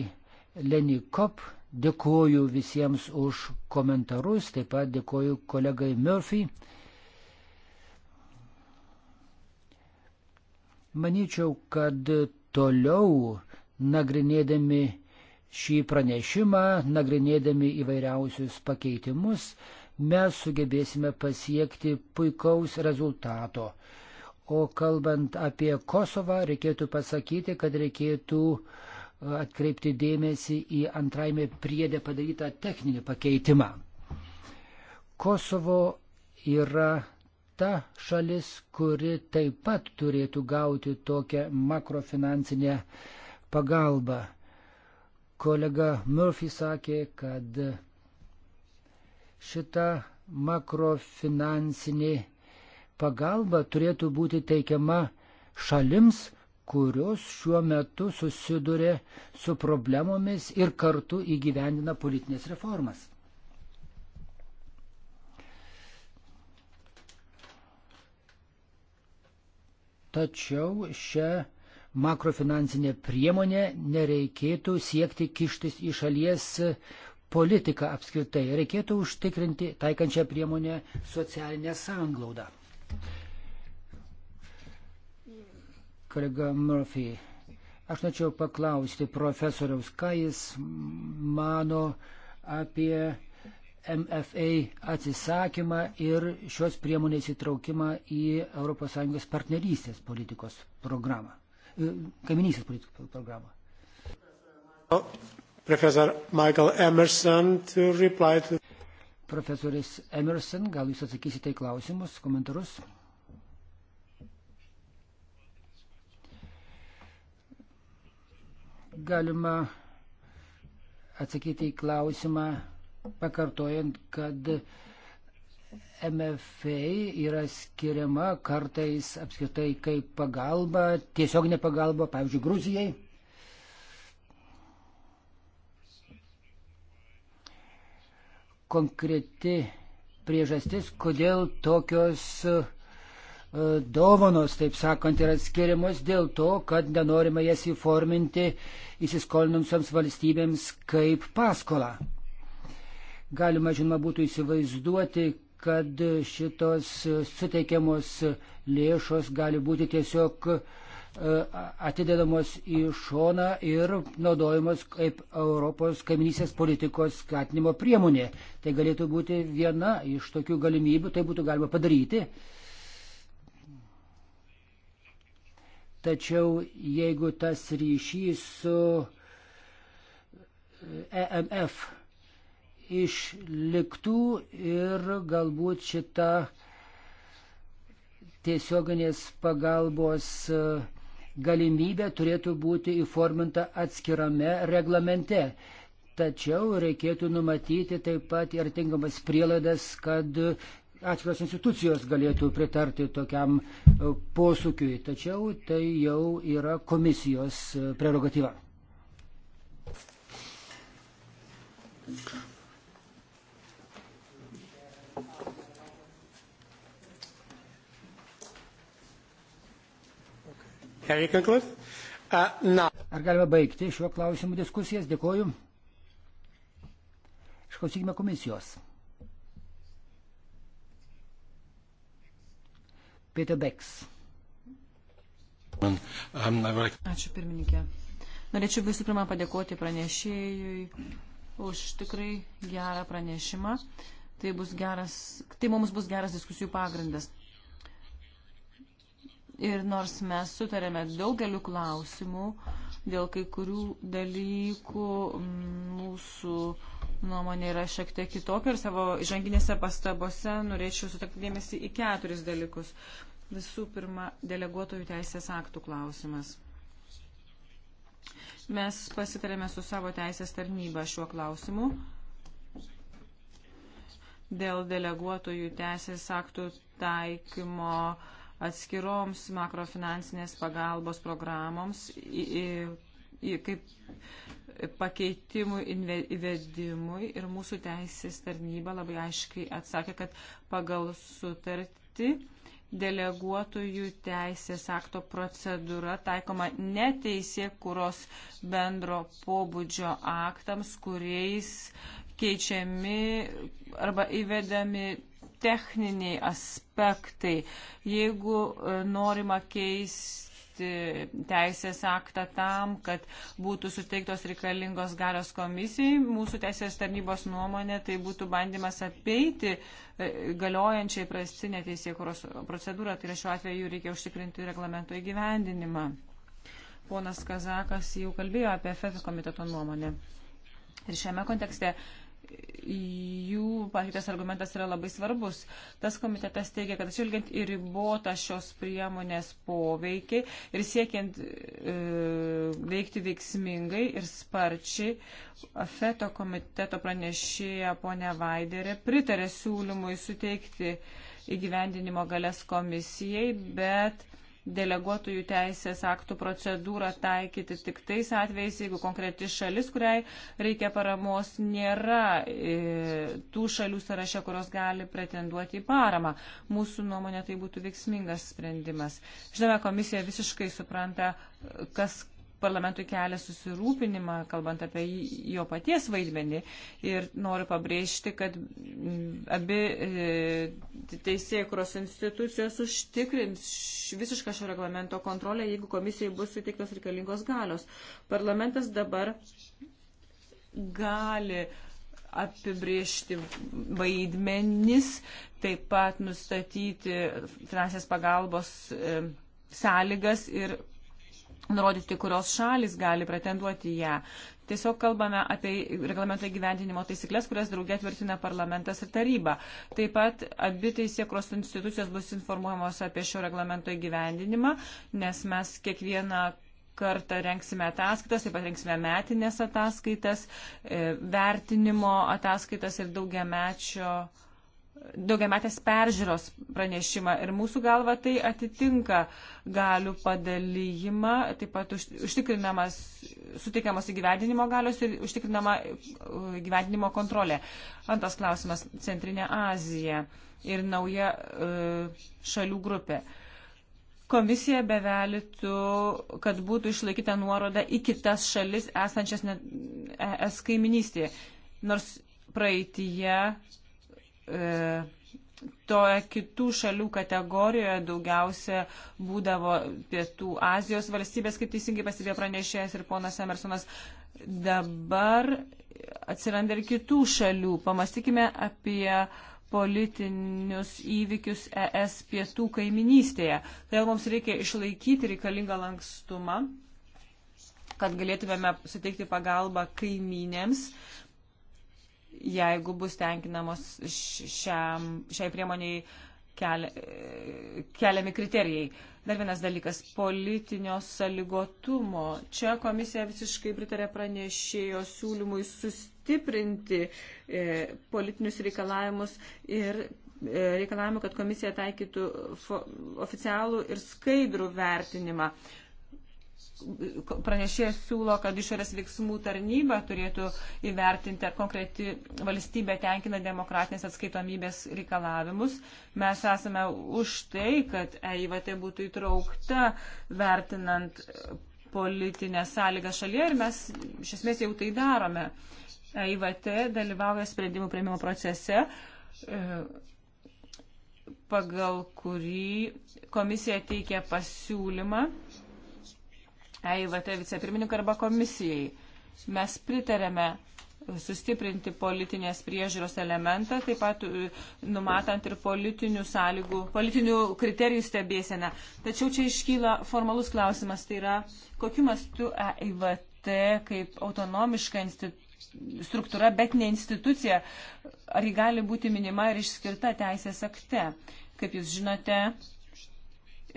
Leni Kop, dėkoju visiems už komentarus, taip pat dėkoju kolegai Murphy. Manyčiau, kad toliau nagrinėdami šį pranešimą, nagrinėdami įvairiausius pakeitimus, mes sugebėsime pasiekti puikaus rezultato. O kalbant apie Kosovą, reikėtų pasakyti, kad reikėtų atkreipti dėmesį į antraime priedę padarytą techninį pakeitimą. Kosovo yra ta šalis, kuri taip pat turėtų gauti tokią makrofinansinę pagalbą. Kolega Murphy sakė, kad šita makrofinansinė pagalba turėtų būti teikiama šalims, kurios šiuo metu susiduria su problemomis ir kartu įgyvendina politinės reformas. Tačiau šią makrofinansinę priemonę nereikėtų siekti kištis į šalies politiką apskritai. Reikėtų užtikrinti taikančią priemonę socialinę sanglaudą. Kolega Murphy, aš norėčiau paklausti profesoriaus, ką jis mano apie MFA atsisakymą ir šios priemonės įtraukimą į ES partnerystės politikos programą, e, kaiminysės politikos programą. Profesor Michael Emerson to reply to. Profesoris Emerson, gal jūs atsakysite į klausimus, komentarus? Galima atsakyti į klausimą pakartojant, kad MFA yra skiriama kartais apskritai kaip pagalba, tiesioginė pagalba, pavyzdžiui, Gruzijai. Konkreti priežastis, kodėl tokios e, dovanos, taip sakant, yra skiriamos dėl to, kad nenorima jas įforminti įsiskolinusioms valstybėms kaip paskolą. Galima, žinoma, būtų įsivaizduoti, kad šitos suteikiamos lėšos gali būti tiesiog e, atidedamos į šoną ir naudojamos kaip Europos kaiminysės politikos skatinimo priemonė. Tai galėtų būti viena iš tokių galimybių, tai būtų galima padaryti. Tačiau jeigu tas ryšys su EMF išliktų ir galbūt šita tiesioginės pagalbos e, galimybė turėtų būti įforminta atskirame reglamente. Tačiau reikėtų numatyti taip pat ir tinkamas prielaidas, kad atskiros institucijos galėtų pritarti tokiam e, posūkiui. Tačiau tai jau yra komisijos e, prerogatyva. Can we conclude? Uh, no. Ar galime baigti šiuo klausimu diskusijas? Dėkoju. Išklausykime komisijos. Peter Becks. Ačiū pirmininkė. Norėčiau visų pirma padėkoti pranešėjui už tikrai gerą pranešimą. Tai, bus geras, tai mums bus geras diskusijų pagrindas. Ir nors mes sutarėme daugeliu klausimų, dėl kai kurių dalykų mūsų nuomonė yra šiek tiek kitokia ir savo žanginėse pastabose norėčiau sutakti dėmesį į keturis dalykus. Visų pirma, deleguotojų teisės aktų klausimas. Mes pasitarėme su savo teisės tarnyba šiuo klausimu dėl deleguotojų teisės aktų taikymo uh, atskiroms makrofinansinės pagalbos programoms, į, į, į, kaip pakeitimų įvedimui ir mūsų teisės tarnyba labai aiškiai atsakė, kad pagal sutartį deleguotojų teisės akto procedūra taikoma neteisė kuros bendro pobūdžio aktams, kuriais keičiami arba įvedami techniniai aspektai. Jeigu e, norima keisti teisės aktą tam, kad būtų suteiktos reikalingos galios komisijai. Mūsų teisės tarnybos nuomonė tai būtų bandymas apeiti e, galiojančiai prastinę teisėkuros procedūrą, tai yra šiuo atveju reikia užtikrinti reglamento įgyvendinimą. Ponas Kazakas jau kalbėjo apie FF e komiteto nuomonę. Ir šiame kontekste jų pateiktas argumentas yra labai svarbus. Tas komitetas teigia, kad atšilgiant į ribotą šios priemonės poveikį ir siekiant e, veikti veiksmingai ir sparčiai, FETO komiteto pranešėja ponia Vaiderė pritarė siūlymui suteikti įgyvendinimo galės komisijai, bet deleguotojų teisės aktų procedūrą taikyti tik tais atvejais, jeigu konkreti šalis, kuriai reikia paramos, nėra e, tų šalių sąraše, kurios gali pretenduoti į paramą. Mūsų nuomonė tai būtų veiksmingas sprendimas. Žinoma, komisija visiškai supranta, kas parlamentui kelia susirūpinimą, kalbant apie jo paties vaidmenį. Ir noriu pabrėžti, kad mm, abi e, teisėjai, kurios institucijos užtikrins visišką šio reglamento kontrolę, jeigu komisijai bus suteiktos reikalingos galios. Parlamentas dabar gali apibriežti vaidmenis, taip pat nustatyti finansinės pagalbos e, sąlygas ir nurodyti, kurios šalis gali pretenduoti ją. Tiesiog kalbame apie reglamento įgyvendinimo taisyklės, kurias draugė tvirtina parlamentas ir taryba. Taip pat abi teisėkros institucijos bus informuojamos apie šio reglamento įgyvendinimą, nes mes kiekvieną kartą renksime ataskaitas, taip pat renksime metinės ataskaitas, e, vertinimo ataskaitas ir daugiamečio mečio daugiametės peržiūros pranešimą ir mūsų galva tai atitinka galių padalyjimą, taip pat užtikrinamas, suteikiamas įgyvendinimo galios ir užtikrinama uh, įgyvendinimo kontrolė. Antras klausimas - Centrinė Azija ir nauja uh, šalių grupė. Komisija bevelytų, kad būtų išlaikyta nuoroda į kitas šalis esančias e, ES kaiminystėje. Nors praeitįje e, toje kitų šalių kategorijoje daugiausia būdavo pietų Azijos valstybės, kaip teisingai pasibė pranešėjas ir ponas Emersonas. Dabar atsiranda ir kitų šalių. Pamastykime apie politinius įvykius ES pietų kaiminystėje. Todėl mums reikia išlaikyti reikalingą lankstumą, kad galėtumėme suteikti pagalbą kaiminėms, jeigu bus tenkinamos šiam, šiai priemoniai kelia, keliami kriterijai. Dar vienas dalykas - politinio saligotumo. Čia komisija visiškai pritarė pranešėjo siūlymui sustiprinti e, politinius reikalavimus ir e, reikalavimų, kad komisija taikytų fo, oficialų ir skaidrų vertinimą. E, pranešėjas siūlo, kad išorės veiksmų tarnyba turėtų įvertinti, ar konkreti valstybė tenkina demokratinės atskaitomybės reikalavimus. Mes esame už tai, kad EIVT būtų įtraukta vertinant politinę sąlygą šalyje ir mes iš esmės jau tai darome. EIVT dalyvauja sprendimų prieimimo procese e, pagal kurį komisija teikia pasiūlymą EIVT vicepirmininkui arba komisijai. Mes pritarėme sustiprinti politinės priežiūros elementą, taip pat e, numatant ir politinių sąlygų, politinių kriterijų stebėseną. Tačiau čia iškyla formalus klausimas, tai yra, kokiu mastu EIVT kaip autonomiška struktūra, bet ne institucija, ar ji gali būti minima ir išskirta teisės akte. Kaip jūs žinote,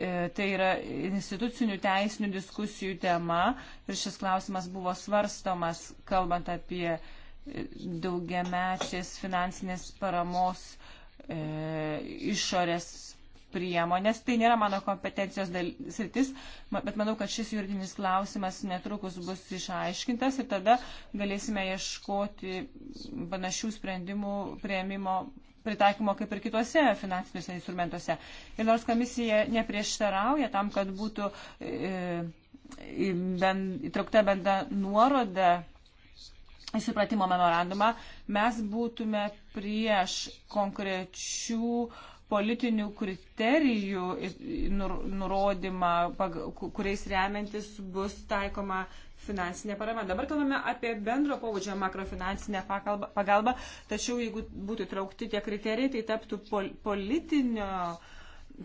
E, tai yra institucinių teisinių diskusijų tema ir šis klausimas buvo svarstomas, kalbant apie e, daugiamečias finansinės paramos e, išorės priemonės. Tai nėra mano kompetencijos sritis, bet manau, kad šis juridinis klausimas netrukus bus išaiškintas ir tada galėsime ieškoti panašių sprendimų prieimimo pritaikymo kaip ir kituose finansiniuose instrumentuose. Ir nors komisija neprieštarauja tam, kad būtų e, įtraukta bendra nuoroda įsipratimo memorandumą, mes būtume prieš konkrečių politinių kriterijų nurodymą, kuriais remiantis bus taikoma finansinė parama. Dabar kalbame apie bendro pobūdžio makrofinansinę pagalbą, tačiau jeigu būtų traukti tie kriterijai, tai taptų pol politinio,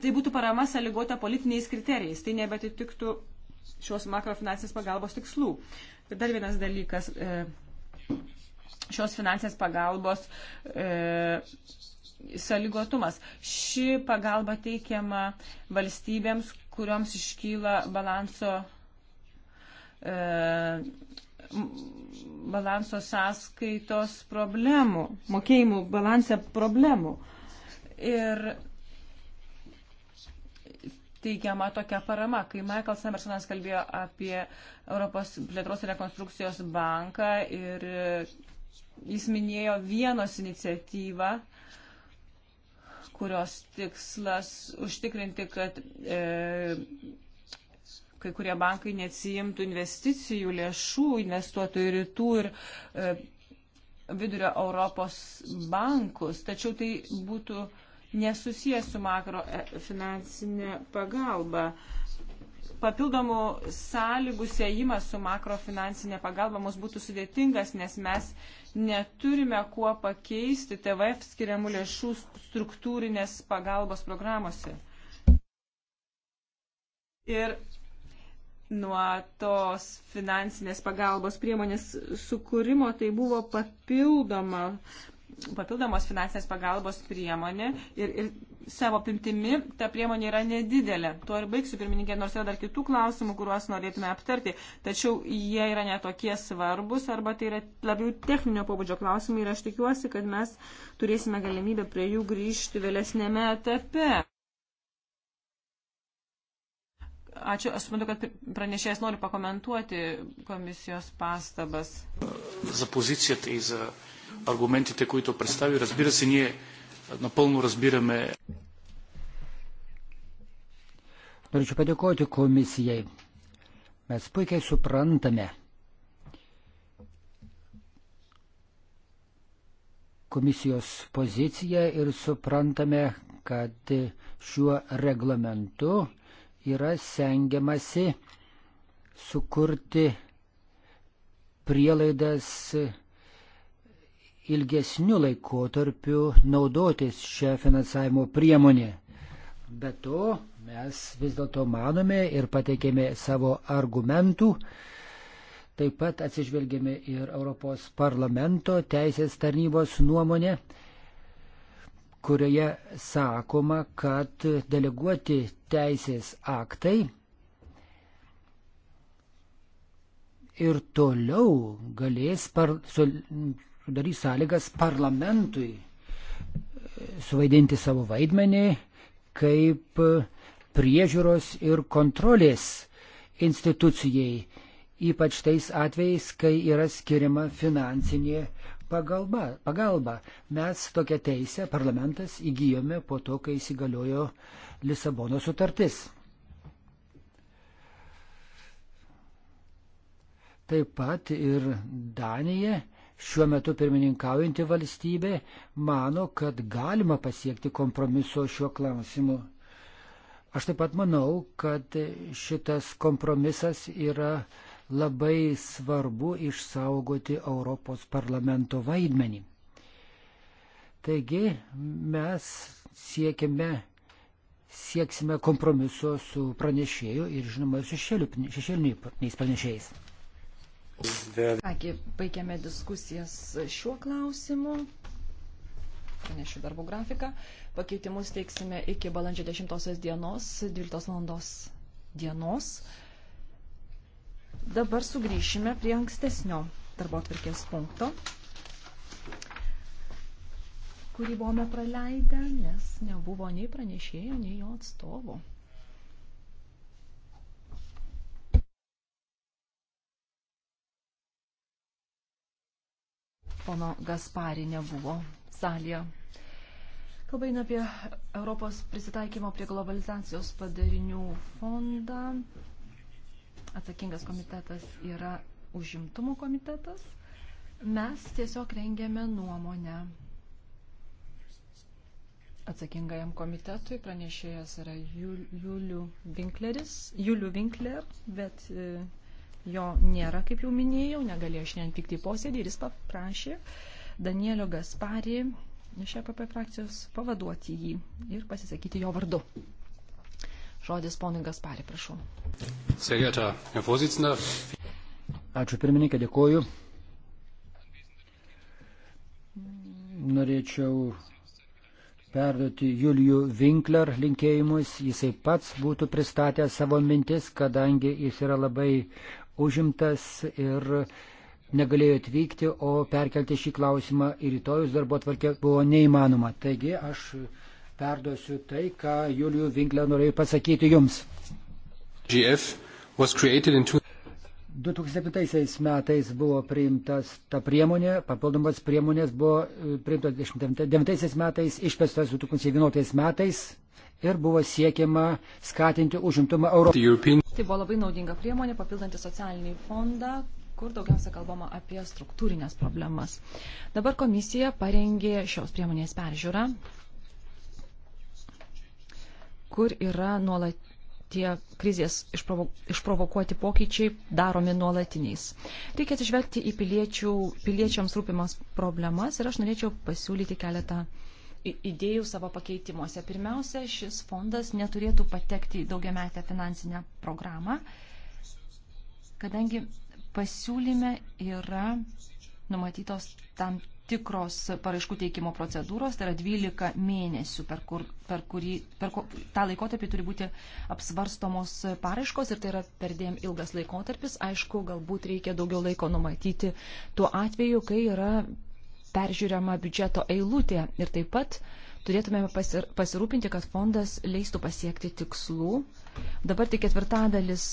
tai būtų parama sąlygota politiniais kriterijais, tai nebetitiktų šios makrofinansinės pagalbos tikslų. Ir dar vienas dalykas, e, šios finansinės pagalbos e, sąlygotumas. Ši pagalba teikiama valstybėms, kurioms iškyla balanso E, balanso sąskaitos problemų, mokėjimų balanse problemų. Ir teikiama tokia parama. Kai Michael Samersonas kalbėjo apie Europos plėtros ir rekonstrukcijos banką ir jis minėjo vienos iniciatyvą, kurios tikslas užtikrinti, kad e, kai kurie bankai neatsijimtų investicijų, lėšų investuotų į rytų ir e, vidurio Europos bankus. Tačiau tai būtų nesusijęs su makro e, finansinė pagalba. Papildomų sąlygų siejimas su makrofinansinė pagalba mums būtų sudėtingas, nes mes neturime kuo pakeisti TVF skiriamų lėšų struktūrinės pagalbos programuose. Ir nuo tos finansinės pagalbos priemonės sukūrimo, tai buvo papildoma, papildomos finansinės pagalbos priemonė ir, ir savo pimtimi ta priemonė yra nedidelė. Tuo ir baigsiu, pirmininkė, nors yra dar kitų klausimų, kuriuos norėtume aptarti, tačiau jie yra netokie svarbus arba tai yra labiau techninio pobūdžio klausimai ir aš tikiuosi, kad mes turėsime galimybę prie jų grįžti vėlesnėme etape. Ačiū, aš manau, kad pranešėjas nori pakomentuoti komisijos pastabas. За позицията и за аргументите, които представи, разбира се, ние напълно разбираме. Norėčiau padėkoti komisijai. Mes puikiai suprantame komisijos poziciją ir suprantame, kad šiuo reglamentu yra sengiamasi sukurti prielaidas ilgesniu laikotarpiu naudotis šią finansavimo priemonę. Be to, mes vis dėlto manome ir pateikėme savo argumentų, taip pat atsižvelgėme ir Europos parlamento teisės tarnybos nuomonę kurioje sakoma, kad deleguoti teisės aktai ir toliau galės par, sudarys sąlygas parlamentui e, suvaidinti savo vaidmenį kaip priežiūros ir kontrolės institucijai, ypač tais atvejais, kai yra skiriama finansinė pagalba. pagalba. Mes tokią teisę parlamentas įgyjome po to, kai įsigaliojo Lisabono sutartis. Taip pat ir Danija, šiuo metu pirmininkaujanti valstybė, mano, kad galima pasiekti kompromiso šiuo klausimu. Aš taip pat manau, kad šitas kompromisas yra uh, labai svarbu išsaugoti Europos parlamento vaidmenį. Taigi mes siekime, sieksime kompromiso su pranešėju ir žinoma su šešėliniais pranešėjais. Kągi, baigiame diskusijas šiuo klausimu pranešiu darbų grafiką. Pakeitimus teiksime iki balandžio 10 dienos, 12 val. dienos. Dabar sugrįšime prie ankstesnio darbo atvirkės punkto, kurį buvome praleidę, nes nebuvo nei pranešėjo, nei jo atstovo. Pono Gaspari nebuvo salėje. Kalba eina apie Europos prisitaikymo prie globalizacijos padarinių fondą atsakingas komitetas yra užimtumo komitetas. Mes tiesiog rengėme nuomonę atsakingajam komitetui. Pranešėjas yra Juliu Vinkleris, Juliu Vinkler, bet e, jo nėra, kaip jau minėjau, negalėjo šiandien tikti į posėdį ir jis paprašė Danielio Gasparį iš EPP frakcijos pavaduoti jį ir pasisakyti jo vardu. Žodis ponui Gaspari, prašau. Ačiū pirmininkė, dėkoju. Norėčiau perduoti Juliu Winkler linkėjimus. Jisai pats būtų pristatęs savo mintis, kadangi jis yra labai užimtas ir negalėjo atvykti, o perkelti šį klausimą į rytojus darbo atvarkę buvo neįmanoma. Taigi aš perduosiu tai, ką Julijų Vinklė norėjo pasakyti jums. 2007 metais buvo priimtas ta priemonė, papildomas priemonės buvo e, priimtas 2009 metais, išpestas 2011 metais ir buvo siekiama skatinti užimtumą Europą. Tai buvo labai naudinga priemonė, papildanti socialinį fondą, kur daugiausia kalbama apie struktūrinės problemas. Dabar komisija parengė šios priemonės peržiūrą kur yra nuolat tie krizės išprovo, išprovokuoti pokyčiai daromi nuolatiniais. Reikia atsižvelgti į piliečių, piliečiams rūpimas problemas ir aš norėčiau pasiūlyti keletą idėjų savo pakeitimuose. Pirmiausia, šis fondas neturėtų patekti į daugiametę finansinę programą, kadangi pasiūlyme yra numatytos tam tikros paraiškų teikimo procedūros, tai yra 12 mėnesių, per, kur, per, kurį, per kur, tą laikotarpį turi būti apsvarstomos paraiškos ir tai yra perdėm ilgas laikotarpis. Aišku, galbūt reikia daugiau laiko numatyti tuo atveju, kai yra peržiūriama biudžeto eilutė ir taip pat turėtumėme pasirūpinti, kad fondas leistų pasiekti tikslų, Dabar tik ketvirtadalis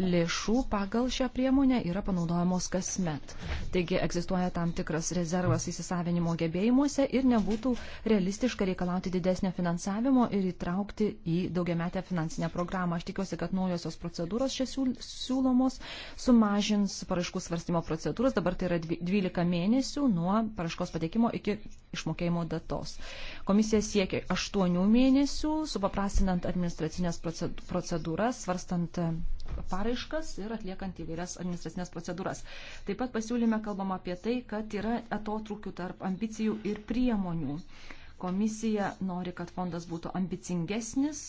lėšų pagal šią priemonę yra panaudojamos kasmet. Taigi egzistuoja tam tikras rezervas įsisavinimo gebėjimuose ir nebūtų realistiška reikalauti didesnio finansavimo ir įtraukti į daugiametę finansinę programą. Aš tikiuosi, kad naujosios procedūros čia siūlomos sumažins paraškų svarstymo procedūras. Dabar tai yra 12 mėnesių nuo paraškos pateikimo iki išmokėjimo datos. Komisija siekia 8 mėnesių, supaprastinant administracinės procedūras procedūras, svarstant paraiškas ir atliekant įvairias administracinės procedūras. Taip pat pasiūlyme kalbama apie tai, kad yra atotrūkių tarp ambicijų ir priemonių. Komisija nori, kad fondas būtų ambicingesnis,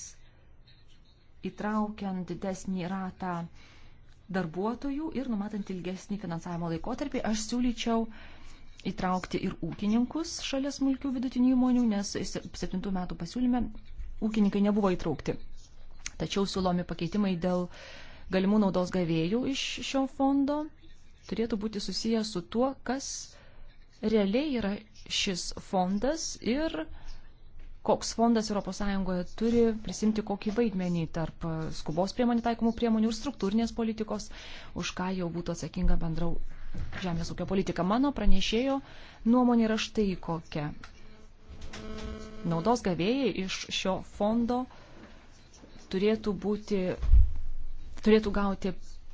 įtraukiant didesnį ratą darbuotojų ir numatant ilgesnį finansavimo laikotarpį. Aš siūlyčiau įtraukti ir ūkininkus šalia smulkių vidutinių įmonių, nes septintų metų pasiūlyme ūkininkai nebuvo įtraukti. Tačiau siūlomi pakeitimai dėl galimų naudos gavėjų iš šio fondo turėtų būti susijęs su tuo, kas realiai yra šis fondas ir koks fondas ES turi prisimti kokį vaidmenį tarp skubos priemonių taikomų priemonių ir struktūrinės politikos, už ką jau būtų atsakinga bendrau žemės ūkio politika. Mano pranešėjo nuomonė yra štai kokia. Naudos gavėjai iš šio fondo turėtų būti, turėtų gauti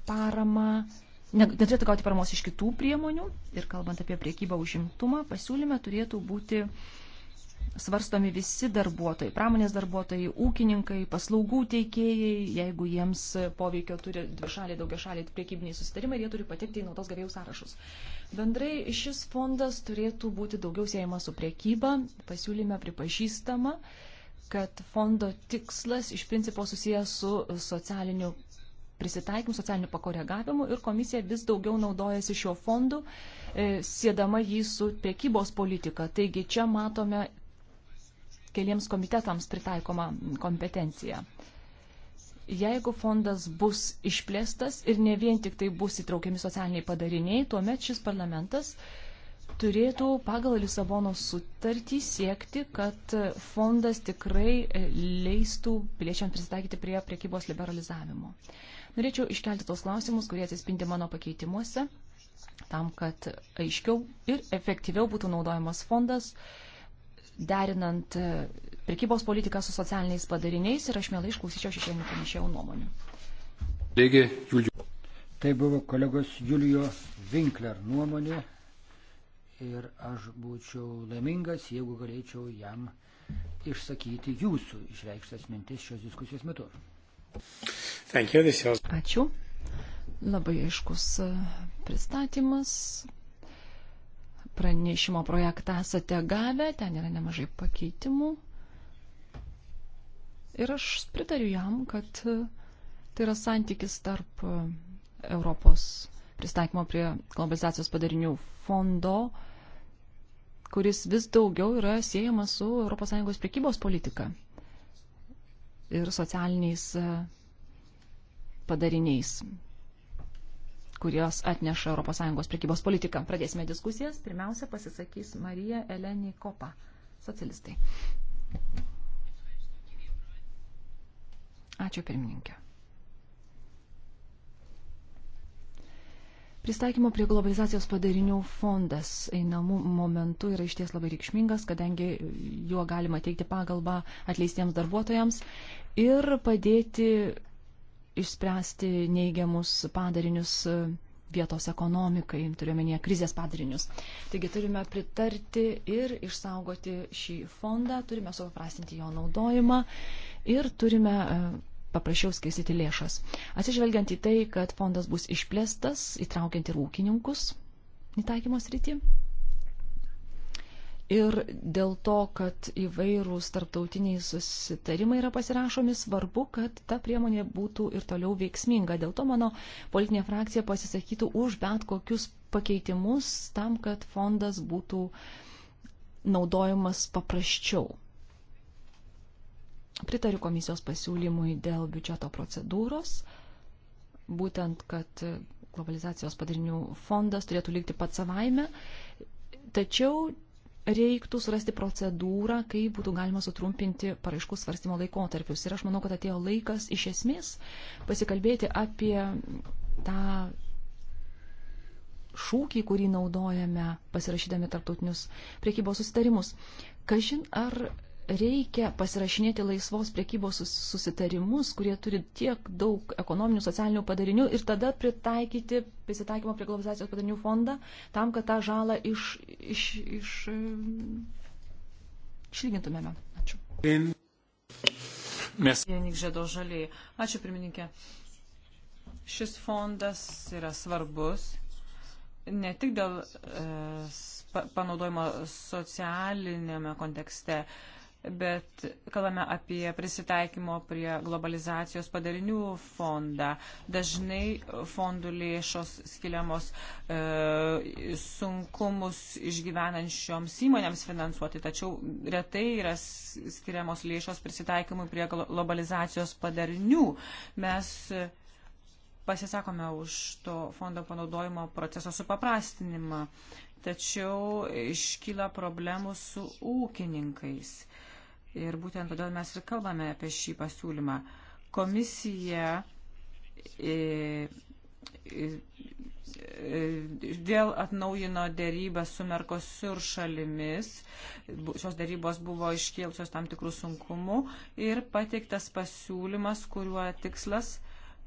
paramą, neturėtų gauti paramos iš kitų priemonių ir kalbant apie priekybą užimtumą, pasiūlyme turėtų būti svarstomi visi darbuotojai, pramonės darbuotojai, ūkininkai, paslaugų teikėjai, jeigu jiems poveikio turi dvišaliai, daugiašaliai priekybiniai susitarimai, jie turi patekti į naudos gavėjų sąrašus. Bendrai šis fondas turėtų būti daugiau siejamas su priekyba, pasiūlyme pripažįstama, uh, kad fondo tikslas iš principo susijęs su socialiniu prisitaikymu, socialiniu pakoregavimu ir komisija vis daugiau naudojasi šiuo fondu, e, siedama jį su priekybos politika. Taigi čia matome keliems komitetams pritaikomą kompetenciją. Jeigu fondas bus išplėstas ir ne vien tik tai bus įtraukiami socialiniai padariniai, tuomet šis parlamentas uh, turėtų pagal Lisabono sutartį siekti, kad fondas tikrai e, leistų piliečiams prisitaikyti prie priekybos liberalizavimo. Norėčiau iškelti tos klausimus, kurie atsispindi mano pakeitimuose, tam, kad aiškiau ir efektyviau būtų naudojamas fondas, derinant e, priekybos politiką su socialiniais padariniais ir aš mielai išklausyčiau šešėlinių pranešėjų nuomonių. Taigi, Juliu. Tai buvo kolegos Julio Winkler nuomonė ir aš būčiau laimingas, jeigu galėčiau jam išsakyti jūsų išreikštas mintis šios diskusijos metu. Ačiū. Labai aiškus e, pristatymas. Pranešimo projektą esate gavę, ten yra nemažai pakeitimų. Ir aš pritariu jam, kad e, tai yra santykis tarp e, Europos pristatymo prie globalizacijos padarinių fondo kuris vis daugiau yra siejamas su ES prekybos politika ir socialiniais e, padariniais, kurios atneša ES prekybos politika. Pradėsime diskusijas. Pirmiausia, pasisakys Marija Elenė Kopa, socialistai. Ačiū pirmininkė. Pristaikymo prie globalizacijos padarinių fondas einamų momentų yra išties labai reikšmingas, kadangi juo galima teikti pagalbą atleistiems darbuotojams ir padėti išspręsti neigiamus padarinius vietos ekonomikai, turiuomenėje krizės padarinius. Taigi turime pritarti ir išsaugoti šį fondą, turime supaprastinti jo naudojimą ir turime paprašiau skaisyti lėšas. Atsižvelgiant į tai, kad fondas bus išplėstas, įtraukiant ir ūkininkus į taikymos rytį. Ir dėl to, kad įvairūs tarptautiniai susitarimai yra pasirašomi, svarbu, kad ta priemonė būtų ir toliau veiksminga. Dėl to mano politinė frakcija pasisakytų už bet kokius pakeitimus tam, kad fondas būtų naudojamas paprasčiau pritariu komisijos pasiūlymui dėl biudžeto procedūros, būtent, kad globalizacijos padarinių fondas turėtų likti pat savaime, tačiau reiktų surasti procedūrą, kaip būtų galima sutrumpinti paraiškų svarstymo laikotarpius. Ir aš manau, kad atėjo laikas iš esmės pasikalbėti apie tą šūkį, kurį naudojame pasirašydami tarptautinius priekybos susitarimus. Kažin ar reikia pasirašinėti laisvos priekybos susitarimus, kurie turi tiek daug ekonominių, socialinių padarinių ir tada pritaikyti prisitaikymo prie globalizacijos padarinių fondą tam, kad tą žalą iš, iš, iš, um, išlygintumėme. Ačiū. Mes. Janik Žedo žaliai. Ačiū, pirmininkė. Šis fondas yra svarbus ne tik dėl e, panaudojimo socialinėme kontekste. E, bet kalbame apie prisitaikymo prie globalizacijos padarinių fondą. Dažnai fondų lėšos skiliamos e, sunkumus išgyvenančioms įmonėms finansuoti, tačiau retai yra skiriamos lėšos prisitaikymui prie globalizacijos padarinių. Mes pasisakome už to fondo panaudojimo proceso supaprastinimą, tačiau iškyla problemų su ūkininkais Ir būtent todėl mes ir kalbame apie šį pasiūlymą. Komisija e, e, e, vėl atnaujino dėrybą su Merkosur šalimis. Šios dėrybos buvo iškėlusios tam tikrų sunkumų ir pateiktas pasiūlymas, kuriuo tikslas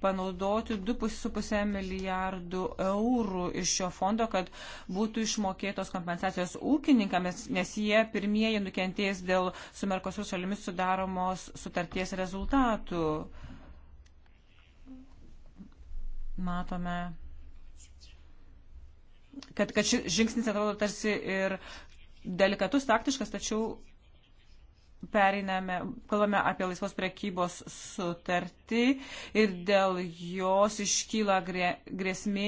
panaudoti 2,5 milijardų eurų iš šio fondo, kad būtų išmokėtos kompensacijos ūkininkams, nes jie pirmieji nukentės dėl su Merkosur šalimis sudaromos sutarties rezultatų. Matome, kad, kad šis žingsnis atrodo tarsi ir delikatus, taktiškas, tačiau periname, kalbame apie laisvos prekybos sutartį ir dėl jos iškyla grė, grėsmė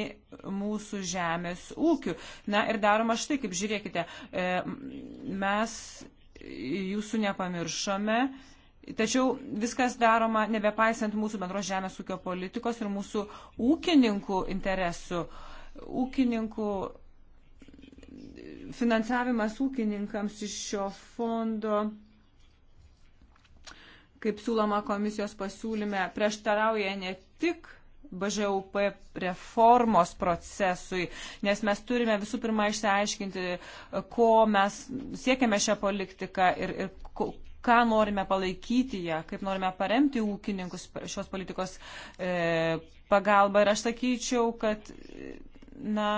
mūsų žemės ūkių. Na ir daroma štai, kaip žiūrėkite, e, mes jūsų nepamiršome. Tačiau viskas daroma nebepaisant mūsų bendros žemės ūkio politikos ir mūsų ūkininkų interesų. Ūkininkų finansavimas ūkininkams iš šio fondo kaip siūloma komisijos pasiūlyme, prieštarauja ne tik BŽUP reformos procesui, nes mes turime visų pirma išsiaiškinti, ko mes siekiame šią politiką ir, ir ką norime palaikyti ją, kaip norime paremti ūkininkus šios politikos e, pagalba. Ir aš sakyčiau, kad, na,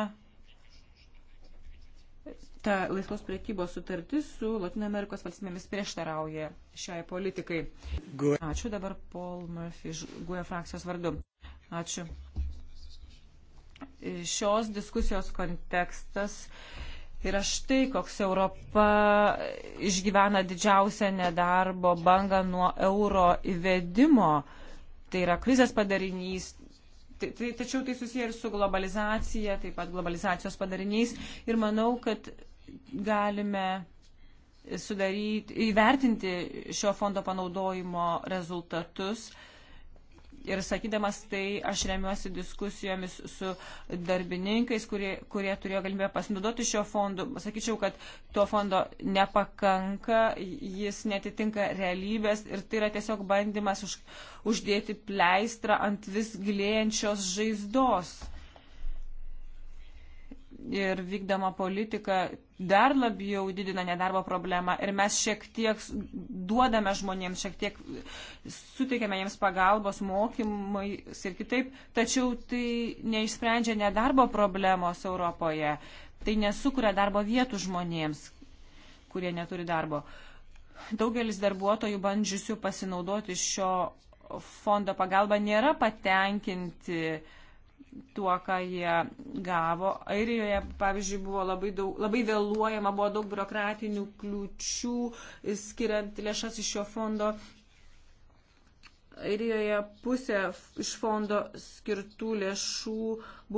ta laisvos priekybos sutartis su Latino Amerikos valstybėmis prieštarauja šiai politikai. Ačiū dabar Paul Murphy iš GUE frakcijos vardu. Ačiū. Šios diskusijos kontekstas yra štai, koks Europa išgyvena didžiausią nedarbo bangą nuo euro įvedimo. Tai yra krizės padarinys, tai, tai, Tačiau tai susiję ir su globalizacija, taip pat globalizacijos padariniais. Ir manau, kad galime sudaryti, įvertinti šio fondo panaudojimo rezultatus. Ir sakydamas tai, aš remiuosi diskusijomis su darbininkais, kurie, kurie turėjo galimybę pasinaudoti šio fondu. Sakyčiau, kad to fondo nepakanka, jis netitinka realybės ir tai yra tiesiog bandymas už, uždėti pleistrą ant vis gilėjančios žaizdos ir vykdoma politika dar labiau didina nedarbo problemą ir mes šiek tiek duodame žmonėms, šiek tiek suteikiame jiems pagalbos mokymais ir kitaip, tačiau tai neišsprendžia nedarbo problemos Europoje, tai nesukuria darbo vietų žmonėms, kurie neturi darbo. Daugelis darbuotojų bandžiusių pasinaudoti šio fondo pagalba nėra patenkinti uh, tuo, ką jie gavo. Airijoje, pavyzdžiui, buvo labai, daug, labai vėluojama, buvo daug biurokratinių kliučių skiriant lėšas iš šio fondo. Airijoje pusė iš fondo skirtų lėšų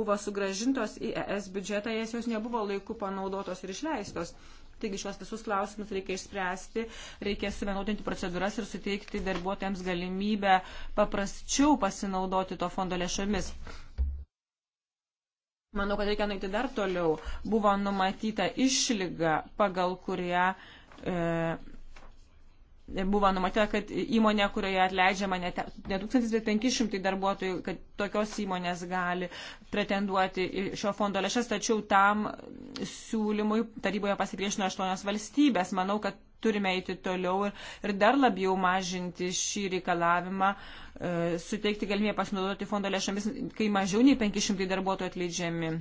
buvo sugražintos į ES biudžetą, jas jos nebuvo laiku panaudotos ir išleistos. Taigi šios visus klausimus reikia išspręsti, reikia suvienodinti procedūras ir suteikti darbuotojams galimybę paprasčiau pasinaudoti to fondo lėšomis. Manau, kad reikia nueiti dar toliau. Buvo numatyta išlyga, pagal kurią. E, Buvo numatyta, kad įmonė, kurioje atleidžiama ne 1500 darbuotojų, kad tokios įmonės gali pretenduoti šio fondo lėšas, tačiau tam siūlymui taryboje pasipriešino aštuonios valstybės. Manau, kad turime eiti toliau ir, ir dar labiau mažinti šį reikalavimą, e, suteikti galimybę pasinaudoti fondo lėšomis, kai mažiau nei 500 darbuotojų atleidžiami.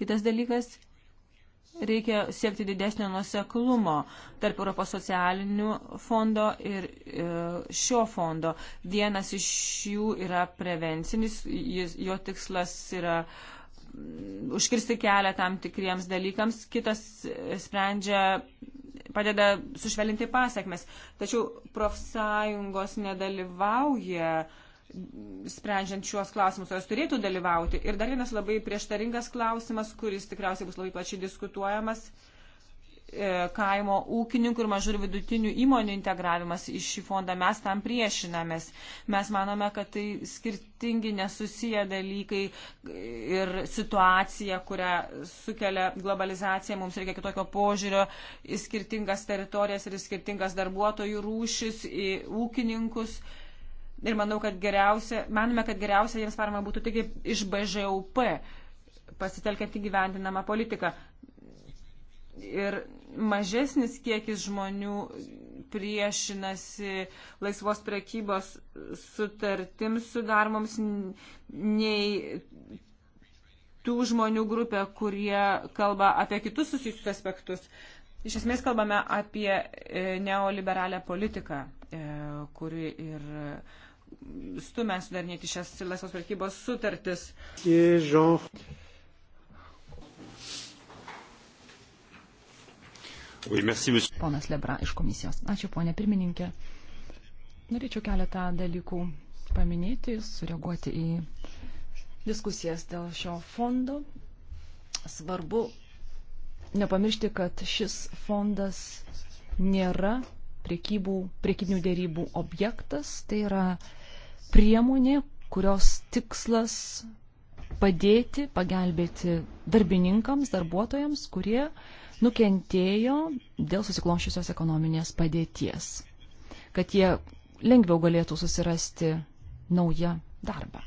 Kitas dalykas - reikia siekti didesnio nuseklumo tarp Europos socialinių fondo ir e, šio fondo. Vienas iš jų yra prevencinis, jis, jo tikslas yra e, užkirsti kelią tam tikriems dalykams, kitas sprendžia, padeda sušvelinti pasiekmes. Tačiau profsąjungos nedalyvauja sprendžiant šiuos klausimus, jos turėtų dalyvauti. Ir dar vienas labai prieštaringas klausimas, kuris tikriausiai bus labai plačiai diskutuojamas. Uh, E, kaimo ūkininkų ir mažų ir vidutinių įmonių integravimas į šį fondą. Mes tam priešinamės. Mes manome, kad tai skirtingi nesusiję dalykai ir situacija, kurią sukelia globalizacija. Mums reikia kitokio požiūrio į skirtingas teritorijas ir į skirtingas darbuotojų rūšis, į ūkininkus. Ir manau, kad geriausia, manome, kad geriausia jiems parama būtų tik iš BŽUP pasitelkiant įgyvendinamą politiką ir mažesnis kiekis žmonių priešinasi laisvos prekybos sutartims sudarmoms nei tų žmonių grupė, kurie kalba apie kitus susijusius aspektus. Iš esmės kalbame apie e, neoliberalią politiką, e, kuri ir stumia sudarnėti šias laisvos prekybos sutartis. Ježon. Ponas Lebra iš komisijos. Ačiū, ponė pirmininkė. Norėčiau keletą dalykų paminėti, sureaguoti į diskusijas dėl šio fondo. Svarbu nepamiršti, kad šis fondas nėra priekybų, priekybinių dėrybų objektas, tai yra priemonė, kurios tikslas padėti, pagelbėti darbininkams, darbuotojams, kurie uh, nukentėjo dėl susikloščiusios ekonominės padėties, kad jie lengviau galėtų susirasti naują darbą.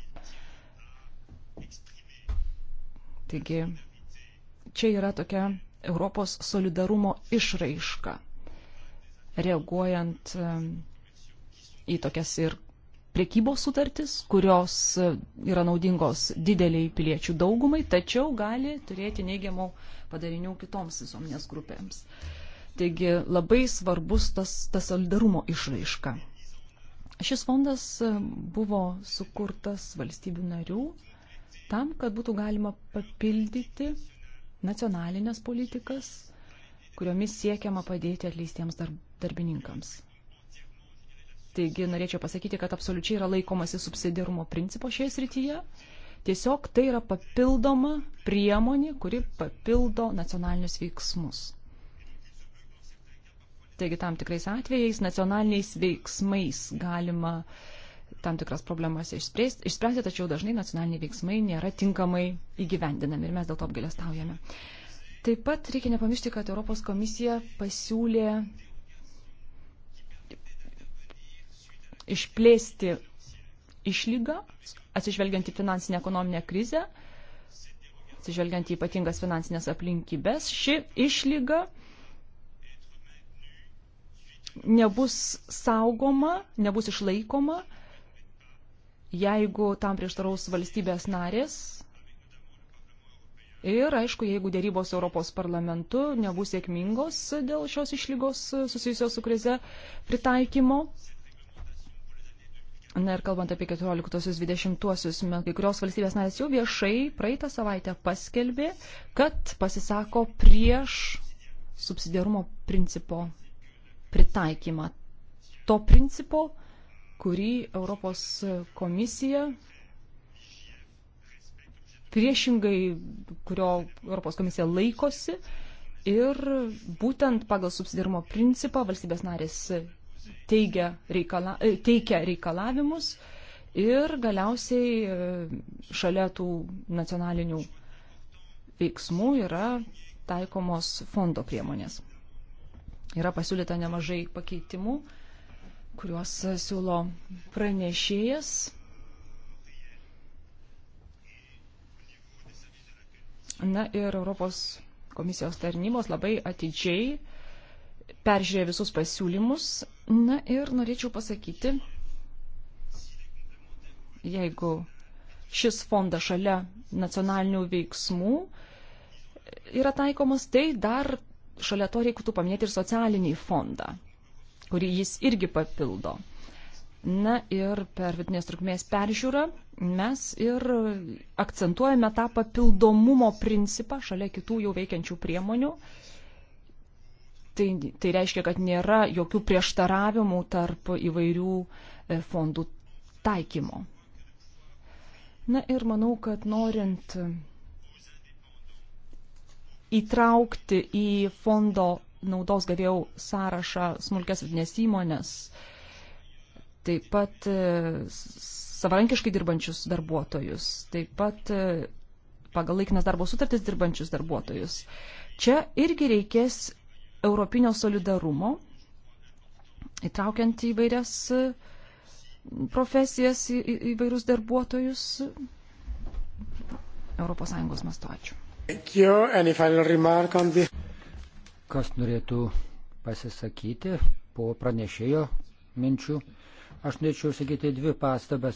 Taigi, čia yra tokia Europos solidarumo išraiška, reaguojant į tokias ir priekybos sutartis, kurios e, yra naudingos dideliai piliečių daugumai, tačiau gali turėti neigiamų padarinių kitoms visuomenės grupėms. Taigi labai svarbus tas, tas solidarumo išraiška. Šis fondas e, buvo sukurtas valstybių narių tam, kad būtų galima papildyti nacionalinės politikas, kuriomis siekiama padėti atleistiems darbininkams. Taigi norėčiau pasakyti, kad absoliučiai yra laikomasi subsidiarumo principo šioje srityje. Tiesiog tai yra papildoma priemonė, kuri papildo nacionalinius veiksmus. Taigi tam tikrais atvejais nacionaliniais veiksmais galima tam tikras problemas išspręsti, išspręsti tačiau dažnai nacionaliniai veiksmai nėra tinkamai įgyvendinami ir mes dėl to apgalėstaujame. Taip pat reikia nepamiršti, kad Europos komisija pasiūlė išplėsti išlygą, atsižvelgiant į finansinę ekonominę krizę, atsižvelgiant į ypatingas finansinės aplinkybės. Ši išlyga nebus saugoma, nebus išlaikoma, jeigu tam prieštaraus valstybės narės. Ir, aišku, jeigu dėrybos Europos parlamentu nebus sėkmingos dėl šios išlygos susijusios su krize pritaikymo, Na ir kalbant apie 14-20 metus, kai kurios valstybės narės jau viešai praeitą savaitę paskelbė, kad pasisako prieš subsidiarumo principo pritaikymą. To principo, kurį Europos komisija priešingai, kurio Europos komisija laikosi ir būtent pagal subsidiarumo principą valstybės narės teigia reikala, e, teikia reikalavimus ir galiausiai e, šalia tų nacionalinių veiksmų yra taikomos fondo priemonės. Yra pasiūlyta nemažai pakeitimų, kuriuos siūlo pranešėjas. Na ir Europos komisijos tarnybos labai atidžiai peržiūrėjo visus pasiūlymus. Na ir norėčiau pasakyti, jeigu šis fondas šalia nacionalinių veiksmų yra taikomas, tai dar šalia to reikėtų paminėti ir socialinį fondą, kurį jis irgi papildo. Na ir per vidinės trukmės peržiūrą mes ir akcentuojame tą papildomumo principą šalia kitų jau veikiančių priemonių. Uh, Tai, tai reiškia, kad nėra jokių prieštaravimų tarp įvairių e, fondų taikymo. Na ir manau, kad norint įtraukti į fondo naudos gavėjau sąrašą smulkės vidinės įmonės, taip pat e, savarankiškai dirbančius darbuotojus, taip pat e, pagal laikinas darbo sutartis dirbančius darbuotojus. Čia irgi reikės europinio solidarumo, įtraukiant įvairias e, profesijas, į, į, įvairius darbuotojus ES mastu. Ačiū. Kas norėtų pasisakyti po pranešėjo minčių? Aš norėčiau sakyti dvi pastabas.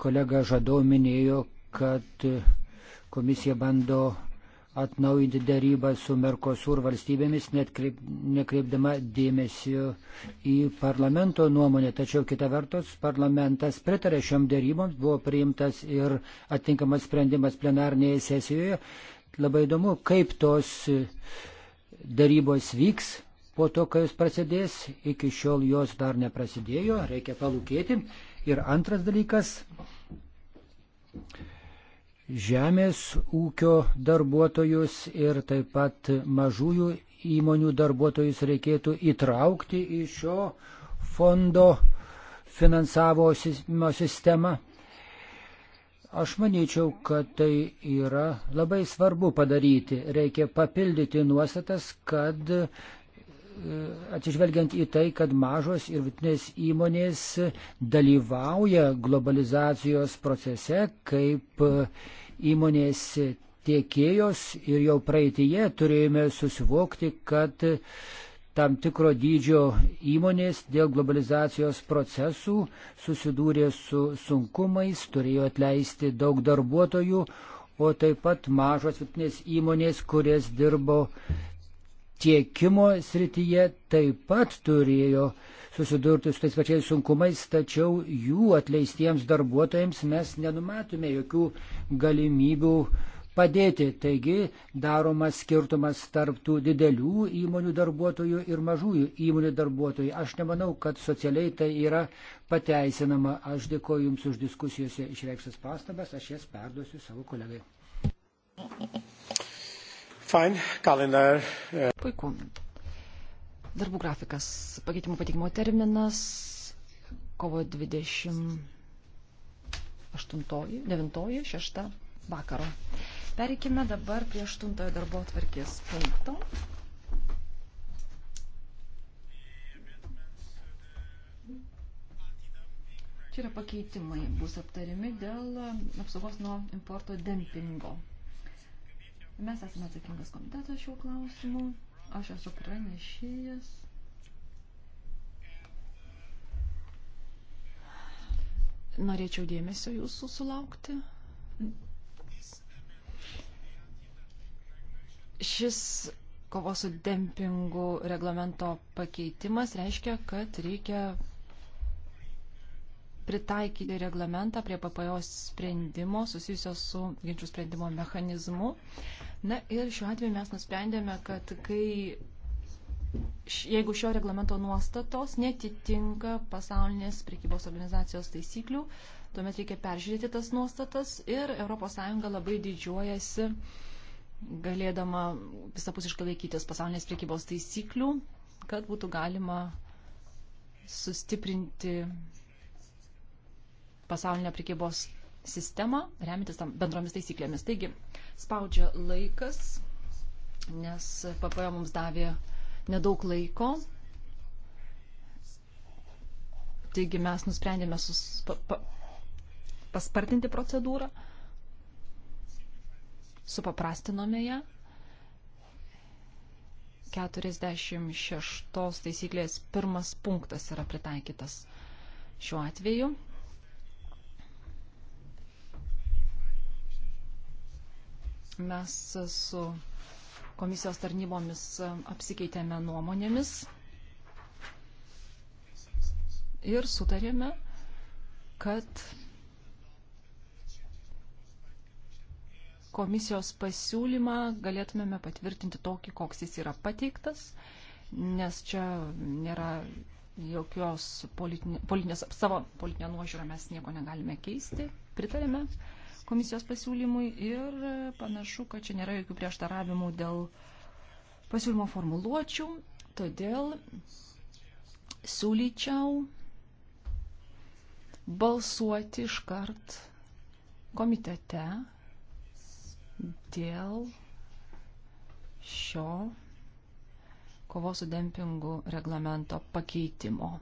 Kolega Žadau minėjo, kad komisija bando atnaujinti darybą su Merkosur valstybėmis, net kreip, nekreipdama dėmesio į parlamento nuomonę. Tačiau kita vertus, parlamentas pritarė šiom daryboms, buvo priimtas ir atinkamas sprendimas plenarnėje sesijoje. Labai įdomu, kaip tos darybos vyks po to, kai jos prasidės. Iki šiol jos dar neprasidėjo, reikia palūkėti. Ir antras dalykas. Thank you žemės ūkio darbuotojus ir taip pat mažųjų įmonių darbuotojus reikėtų įtraukti į šio fondo finansavimo sistemą. Aš manyčiau, kad tai yra labai svarbu padaryti. Reikia papildyti nuostatas, kad E, atsižvelgiant į tai, kad mažos ir vidutinės įmonės dalyvauja globalizacijos procese kaip e, įmonės tiekėjos ir jau praeitėje turėjome susivokti, kad tam tikro dydžio įmonės dėl globalizacijos procesų susidūrė su sunkumais, turėjo atleisti daug darbuotojų, o taip pat mažos vidutinės įmonės, kurias dirbo tiekimo srityje taip pat turėjo susidurti su tais pačiais sunkumais, tačiau jų atleistiems darbuotojams mes nenumatome jokių galimybių padėti. Taigi daromas skirtumas tarp tų didelių įmonių darbuotojų ir mažųjų įmonių darbuotojų. Aš nemanau, kad socialiai tai yra pateisinama. Aš dėkoju Jums už diskusijose išreikštas pastabas, aš jas perduosiu savo kolegai. Fine, calendar. E. Puiku. Darbų grafikas, pakeitimų patikimo terminas, kovo 28, 9, 6 vakaro. Pereikime dabar prie 8 darbo atvarkės punkto. Čia yra pakeitimai, bus aptarimi dėl apsaugos nuo importo dempingo. Mes esame atsakingas komitetas šiuo klausimu. Aš esu pranešėjas. Norėčiau dėmesio jūsų sulaukti. Šis kovos su dempingu reglamento pakeitimas reiškia, kad reikia pritaikyti reglamentą prie PPO sprendimo susijusio su ginčių sprendimo mechanizmu. Uh, Na ir šiuo atveju mes nusprendėme, kad kai jeigu šio reglamento nuostatos netitinka pasaulinės prekybos organizacijos taisyklių, tuomet reikia peržiūrėti tas nuostatas ir ES labai didžiuojasi galėdama visapusiškai laikytis pasaulinės prekybos taisyklių, kad būtų galima sustiprinti pasaulinę prekybos sistemą, remintis tam bendromis taisyklėmis. Taigi, Spaudžia laikas, nes PPO mums davė nedaug laiko. Taigi mes nusprendėme sus, pa, pa, paspartinti procedūrą, supaprastinome ją. 46 taisyklės pirmas punktas yra pritaikytas šiuo atveju. Mes su komisijos tarnybomis apsikeitėme nuomonėmis ir sutarėme, kad komisijos pasiūlymą galėtumėme patvirtinti tokį, koks jis yra pateiktas, nes čia nėra jokios politinė, politinės, savo politinę nuožiūrą mes nieko negalime keisti, pritarėme komisijos pasiūlymui ir e, panašu, kad čia nėra jokių prieštaravimų dėl pasiūlymo formuluočių, todėl siūlyčiau balsuoti iškart komitete dėl šio kovos su dempingu reglamento pakeitimo.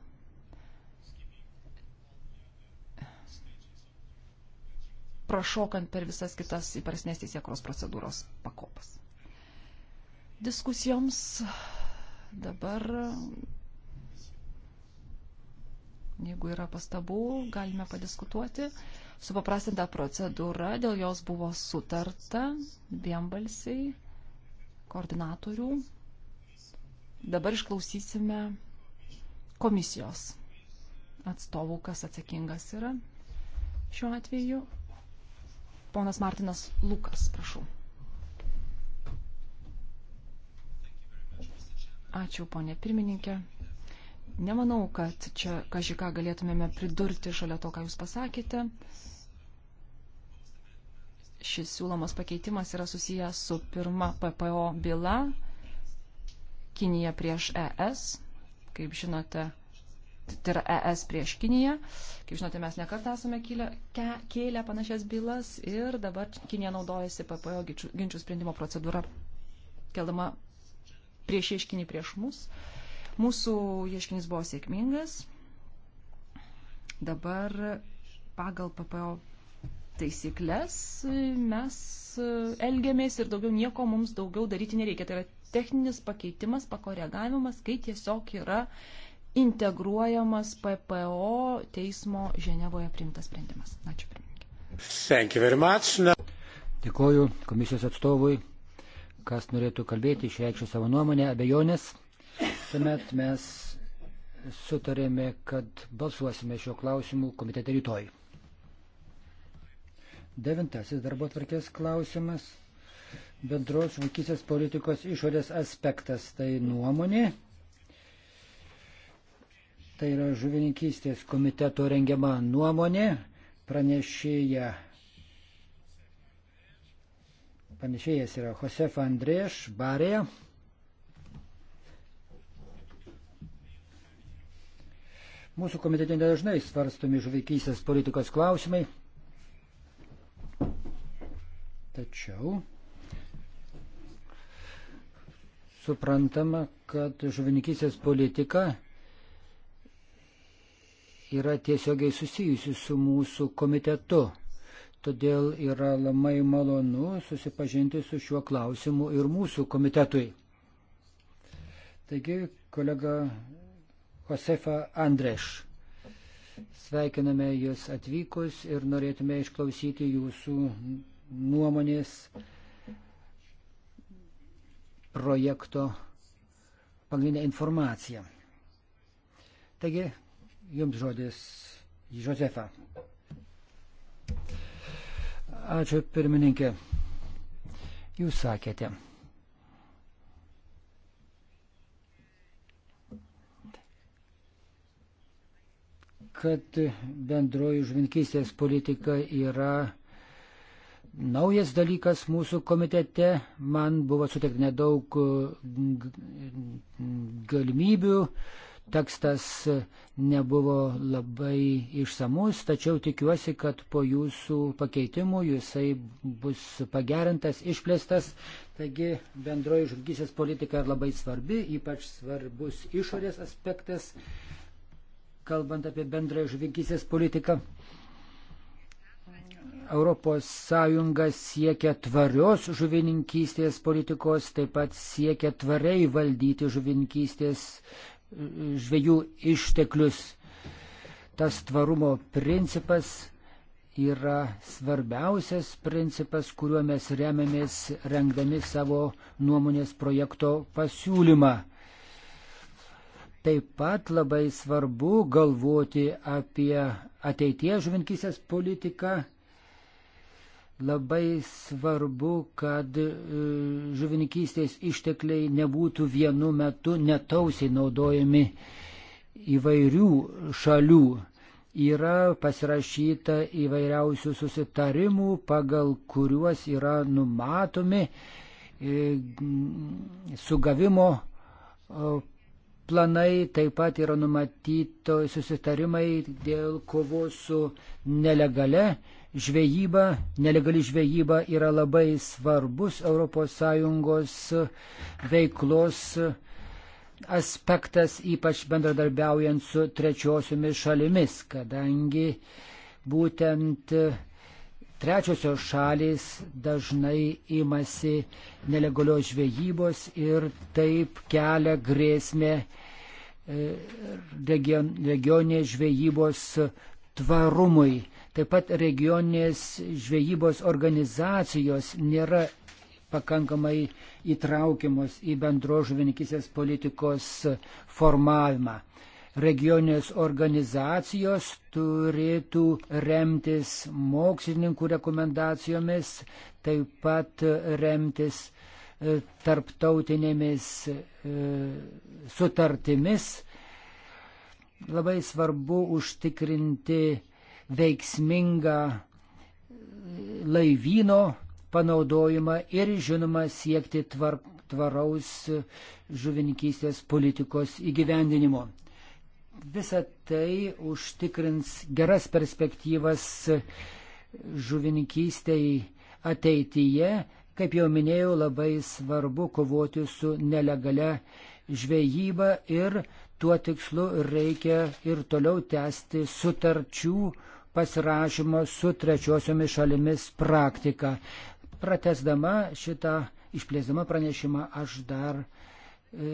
prašokant per visas kitas įprasnės teisėkros procedūros pakopas. Diskusijoms dabar, jeigu yra pastabų, galime padiskutuoti. Supaprastinta procedūra, dėl jos buvo sutarta vienbalsiai koordinatorių. Dabar išklausysime komisijos atstovų, kas atsakingas yra šiuo atveju. Ponas Martinas Lukas, prašau. Ačiū, ponė pirmininkė. Nemanau, kad čia kažką galėtumėme pridurti šalia to, ką Jūs pasakėte. Šis siūlomas pakeitimas yra susijęs su pirma PPO byla Kinija prieš ES. Kaip žinote, tai yra ES prieš Kiniją. Kaip žinote, mes nekartą esame kėlę, ke, kėlę panašias bylas ir dabar Kinija naudojasi PPO ginčių, ginčių sprendimo procedūrą, keldama prieš ieškinį prieš mus. Mūsų ieškinis buvo sėkmingas. Dabar pagal PPO taisyklės mes elgiamės ir daugiau nieko mums daugiau daryti nereikia. Tai yra techninis pakeitimas, pakoregavimas, kai tiesiog yra uh, integruojamas PPO teismo Ženevoje priimtas sprendimas. Ačiū pirmininkė. Dėkoju komisijos atstovui, kas norėtų kalbėti, išreikšti savo nuomonę, abejonės. Tuomet mes sutarėme, kad balsuosime šio klausimu komitete rytoj. Devintasis darbo tvarkės klausimas. Bendros vaikysės politikos išorės aspektas tai nuomonė. Tai yra žuvininkystės komiteto rengiama nuomonė, pranešėja. Panešėjas yra Josefa Andrėš Barėja. Mūsų komitete nedažnai svarstomi žuvykysės politikos klausimai. Tačiau suprantama, kad žuvininkysės politika yra tiesiogiai susijusi su mūsų komitetu. Todėl yra labai malonu susipažinti su šiuo klausimu ir mūsų komitetui. Taigi, kolega Josefa Andreš, sveikiname Jūs atvykus ir norėtume išklausyti Jūsų nuomonės projekto pagrindinę informaciją. Taigi, Jums žodis, Josefa. Ačiū, pirmininkė. Jūs sakėte. kad bendroji žvinkystės politika yra naujas dalykas mūsų komitete. Man buvo suteikta nedaug mm, mm, galimybių uh, tekstas nebuvo labai išsamus, tačiau tikiuosi, kad po jūsų pakeitimų jisai bus pagerintas, išplėstas. Taigi bendroji žudgysės politika labai svarbi, ypač svarbus išorės aspektas, kalbant apie bendroji žudgysės politiką. ES siekia tvarios žuvininkystės politikos, taip pat siekia tvariai valdyti žuvininkystės žvėjų išteklius. Tas tvarumo principas yra svarbiausias principas, kuriuo mes remiamės rengdami savo nuomonės projekto pasiūlymą. Taip pat labai svarbu galvoti apie ateities žuvinkysės politiką Labai svarbu, kad e, žuvininkystės ištekliai nebūtų vienu metu netausiai naudojami įvairių šalių. Yra pasirašyta įvairiausių susitarimų, pagal kuriuos yra numatomi e, sugavimo e, planai, taip pat yra numatyto susitarimai dėl kovos su nelegale žvejyba, nelegali žvejyba yra labai svarbus ES veiklos aspektas, ypač bendradarbiaujant su trečiosiomis šalimis, kadangi būtent trečiosios šalis dažnai imasi nelegalios žvejybos ir taip kelia grėsmę e, regioninės žvejybos tvarumui. Taip pat regioninės žvejybos organizacijos nėra pakankamai įtraukiamos į bendro žuvininkysės politikos formavimą. Regioninės organizacijos turėtų remtis mokslininkų rekomendacijomis, taip pat remtis e, tarptautinėmis e, sutartimis. Labai svarbu užtikrinti veiksmingą laivyno panaudojimą ir žinoma siekti tvar, tvaraus žuvininkystės politikos įgyvendinimo. Visa tai užtikrins geras perspektyvas žuvininkystėj ateityje. Kaip jau minėjau, labai svarbu kovoti su nelegale žvejyba ir tuo tikslu reikia ir toliau tęsti sutarčių pasirašymo su trečiosiomis šalimis praktika. Pratesdama šitą, išplėsdama pranešimą, aš dar e,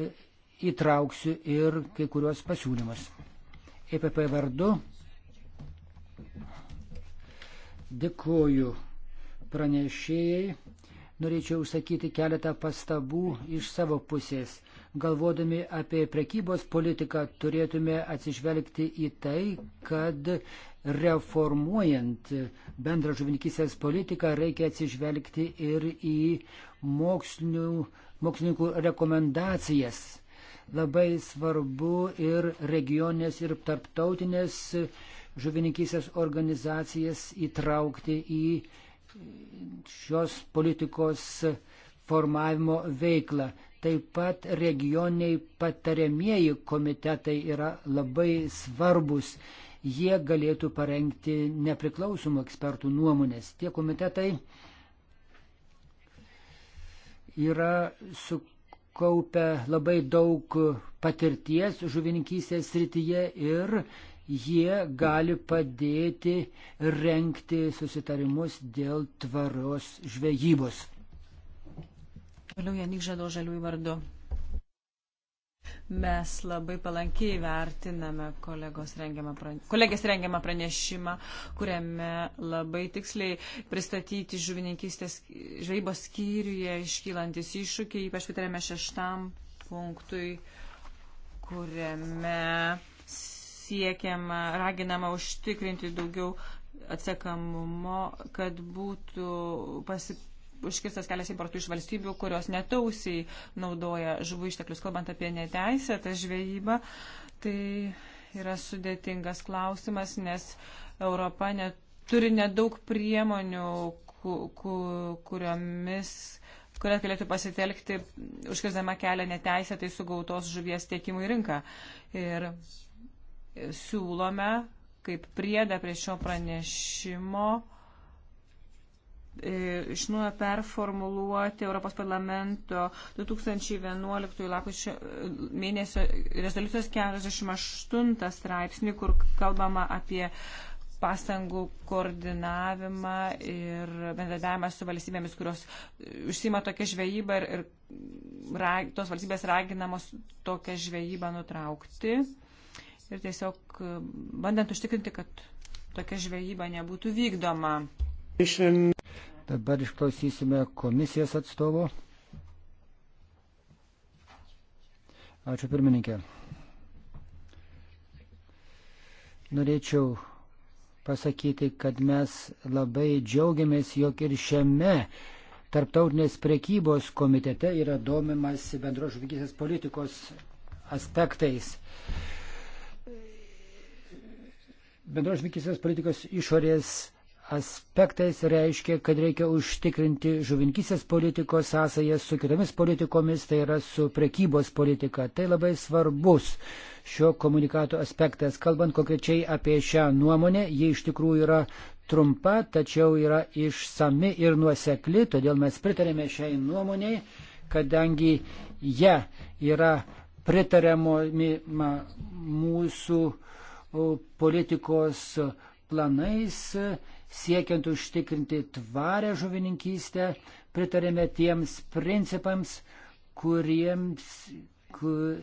įtrauksiu ir kai kurios pasiūlymus. EPP vardu dėkoju pranešėjai. Norėčiau užsakyti keletą pastabų iš savo pusės. Galvodami apie prekybos politiką turėtume atsižvelgti į tai, kad reformuojant bendrą žuvininkysės politiką reikia atsižvelgti ir į mokslinių, mokslininkų rekomendacijas. Labai svarbu ir regionės, ir tarptautinės žuvininkysės organizacijas įtraukti į šios politikos formavimo veiklą. Taip pat regioniai patariamieji komitetai yra labai svarbus jie galėtų parengti nepriklausomų ekspertų nuomonės. Tie komitetai yra sukaupę labai daug patirties žuvininkystės srityje ir jie gali padėti renkti susitarimus dėl tvarios žvejybos. Toliau Janik Žado žaliųjų vardu. Mes labai palankiai vertiname rengiamą prane... kolegės rengiamą pranešimą, kuriame labai tiksliai pristatyti žuvininkystės žvejybos skyriuje iškylantis iššūkiai, ypač pritarėme šeštam punktui, kuriame siekiama, raginama užtikrinti daugiau atsekamumo, kad būtų pasipasakyti užkirstas kelias importui iš valstybių, kurios netausiai naudoja žuvų išteklius, kalbant apie neteisėtą žvejybą. Tai yra sudėtingas klausimas, nes Europa net, turi nedaug priemonių, ku, ku, kuriomis kurias galėtų pasitelkti, užkirsdama kelią neteisėtai sugautos žuvies tiekimui rinką. Ir siūlome kaip priedą prie šio pranešimo E, iš nuojo performuluoti Europos parlamento 2011 lakušio e, mėnesio rezoliucijos 48 straipsnį, kur kalbama apie pastangų koordinavimą ir bendradavimą su valstybėmis, kurios e, užsima tokią žvejybą ir, ir ra, tos valstybės raginamos tokią žvejybą nutraukti. Ir tiesiog bandant užtikrinti, kad tokia žvejyba nebūtų vykdoma. Dabar išklausysime komisijos atstovo. Ačiū pirmininkė. Norėčiau pasakyti, kad mes labai džiaugiamės, jog ir šiame tarptautinės prekybos komitete yra domimas bendros žuvigysės politikos aspektais. Bendros žuvigysės politikos išorės aspektais reiškia, kad reikia užtikrinti žuvinkysės politikos sąsajas su kitomis politikomis, tai yra su prekybos politika. Tai labai svarbus šio komunikato aspektas. Kalbant konkrečiai apie šią nuomonę, ji iš tikrųjų yra trumpa, tačiau yra išsami ir nuosekli, todėl mes pritarėme šiai nuomoniai, kadangi jie yra pritariamomi mūsų politikos planais siekiant užtikrinti tvarę žuvininkystę, pritarėme tiems principams, kuriems, kur,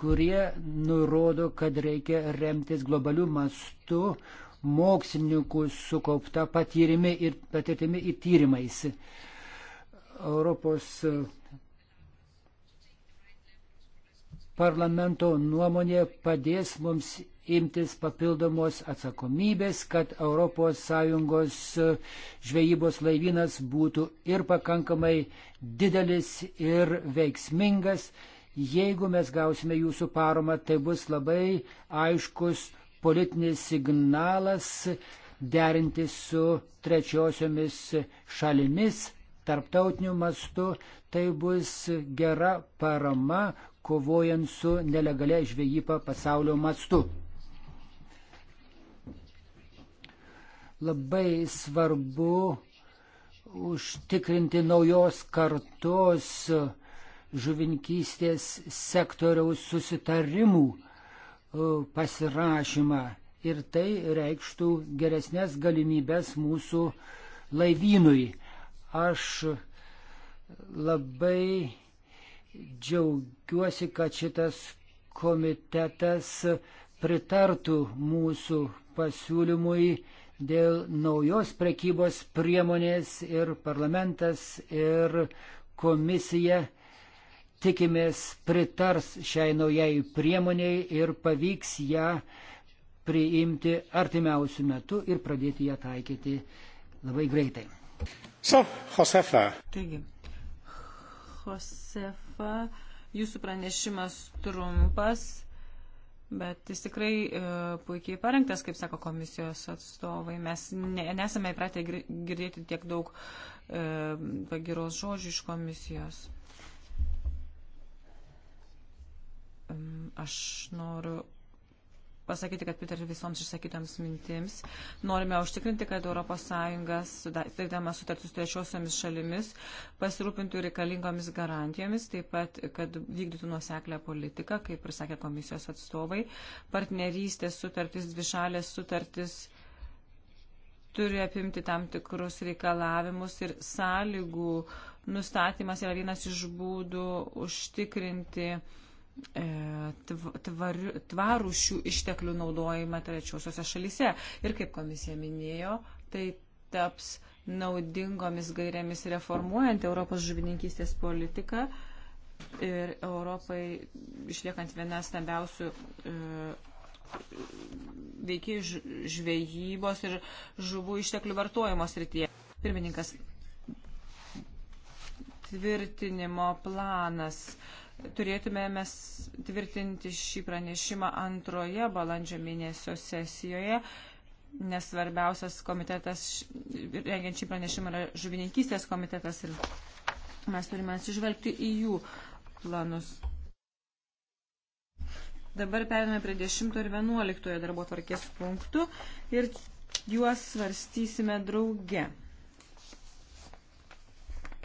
kurie nurodo, kad reikia remtis globalių mastų mokslininkų sukaupta patyrimi ir patirtimi ir tyrimais. Europos parlamento nuomonė padės mums imtis papildomos atsakomybės, kad ES e, žvejybos laivynas būtų ir pakankamai didelis ir veiksmingas. Jeigu mes gausime jūsų paromą, tai bus labai aiškus politinis signalas derinti su trečiosiomis šalimis tarptautiniu mastu, tai bus gera parama kovojant su nelegalia žvejyba pasaulio mastu. Labai svarbu užtikrinti naujos kartos žuvinkystės sektoriaus susitarimų e, pasirašymą ir tai reikštų geresnės galimybės mūsų laivynui. Aš labai džiaugiuosi, kad šitas komitetas pritartų mūsų pasiūlymui dėl naujos prekybos priemonės ir parlamentas ir komisija tikimės pritars šiai naujai priemoniai ir pavyks ją priimti artimiausių metų ir pradėti ją taikyti labai greitai. So, Josefa. Taigi, Josefa, jūsų pranešimas trumpas Bet jis tikrai e, puikiai parengtas, kaip sako komisijos atstovai. Mes ne, nesame įpratę girdėti tiek daug e, pagiros žodžių iš komisijos. Aš noriu pasakyti, kad pritariu visoms išsakytoms mintims. Norime užtikrinti, kad ES, sudarydama sutartis trečiosiomis šalimis, pasirūpintų reikalingomis garantijomis, taip pat, kad vykdytų nuoseklę politiką, kaip ir sakė komisijos atstovai. Partnerystės sutartis, dvišalės sutartis turi apimti tam tikrus reikalavimus ir sąlygų nustatymas yra vienas iš būdų užtikrinti uh, E, tvar, tvarų šių išteklių naudojimą trečiosiuose šalyse. Ir kaip komisija minėjo, tai taps naudingomis gairėmis reformuojant Europos žuvininkystės politiką ir Europai išliekant viena stambiausių e, veikėjų žvejybos ir žuvų išteklių vartojimo srityje. Pirmininkas tvirtinimo planas. E, turėtume mes tvirtinti šį pranešimą antroje balandžio mėnesio sesijoje, nes svarbiausias komitetas, rengiant šį pranešimą, yra žuvininkystės komitetas ir mes turime atsižvelgti į jų planus. Dabar perėmėme prie 10 ir 11 darbo tvarkės punktų ir juos svarstysime drauge.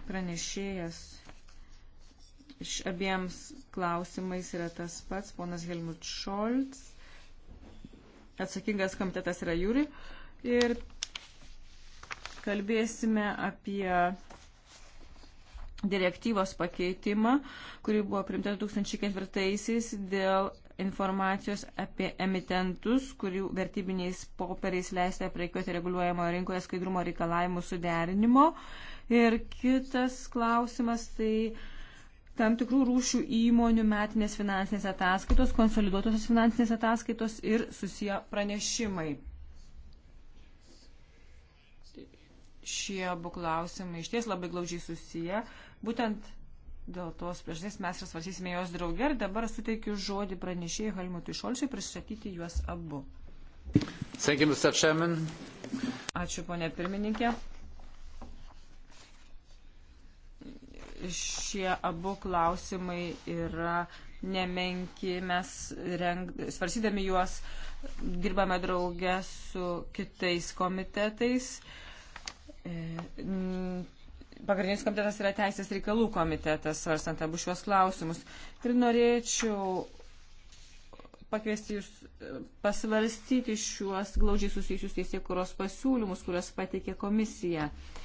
Pranešėjas abiems klausimais yra tas pats ponas Helmut Scholz. Atsakingas komitetas yra Jūri. Ir kalbėsime apie direktyvos pakeitimą, kuri buvo primta 2004-aisiais dėl informacijos apie emitentus, kurių vertybiniais popieriais leista prekiuoti reguliuojamojo rinkoje skaidrumo reikalavimų suderinimo. Ir kitas klausimas tai tam tikrų rūšių įmonių metinės finansinės ataskaitos, konsoliduotosios finansinės ataskaitos ir susiję pranešimai. Šie abu klausimai iš ties labai glaudžiai susiję. Būtent dėl tos priežasties mes ir svarsysime jos draugę ir dabar suteikiu žodį pranešėjai Helmutui Šolčiui pristatyti juos abu. Thank you, Mr. Chairman. Ačiū, ponė pirmininkė. šie abu klausimai yra nemenki. Mes reng, svarsydami juos dirbame draugę su kitais komitetais. E, pagrindinis komitetas yra Teisės reikalų komitetas, svarstant abu šiuos klausimus. Ir norėčiau pakviesti jūs pasvarstyti šiuos glaudžiai susijusius teisėkuros pasiūlymus, kuriuos pateikė komisija. Uh,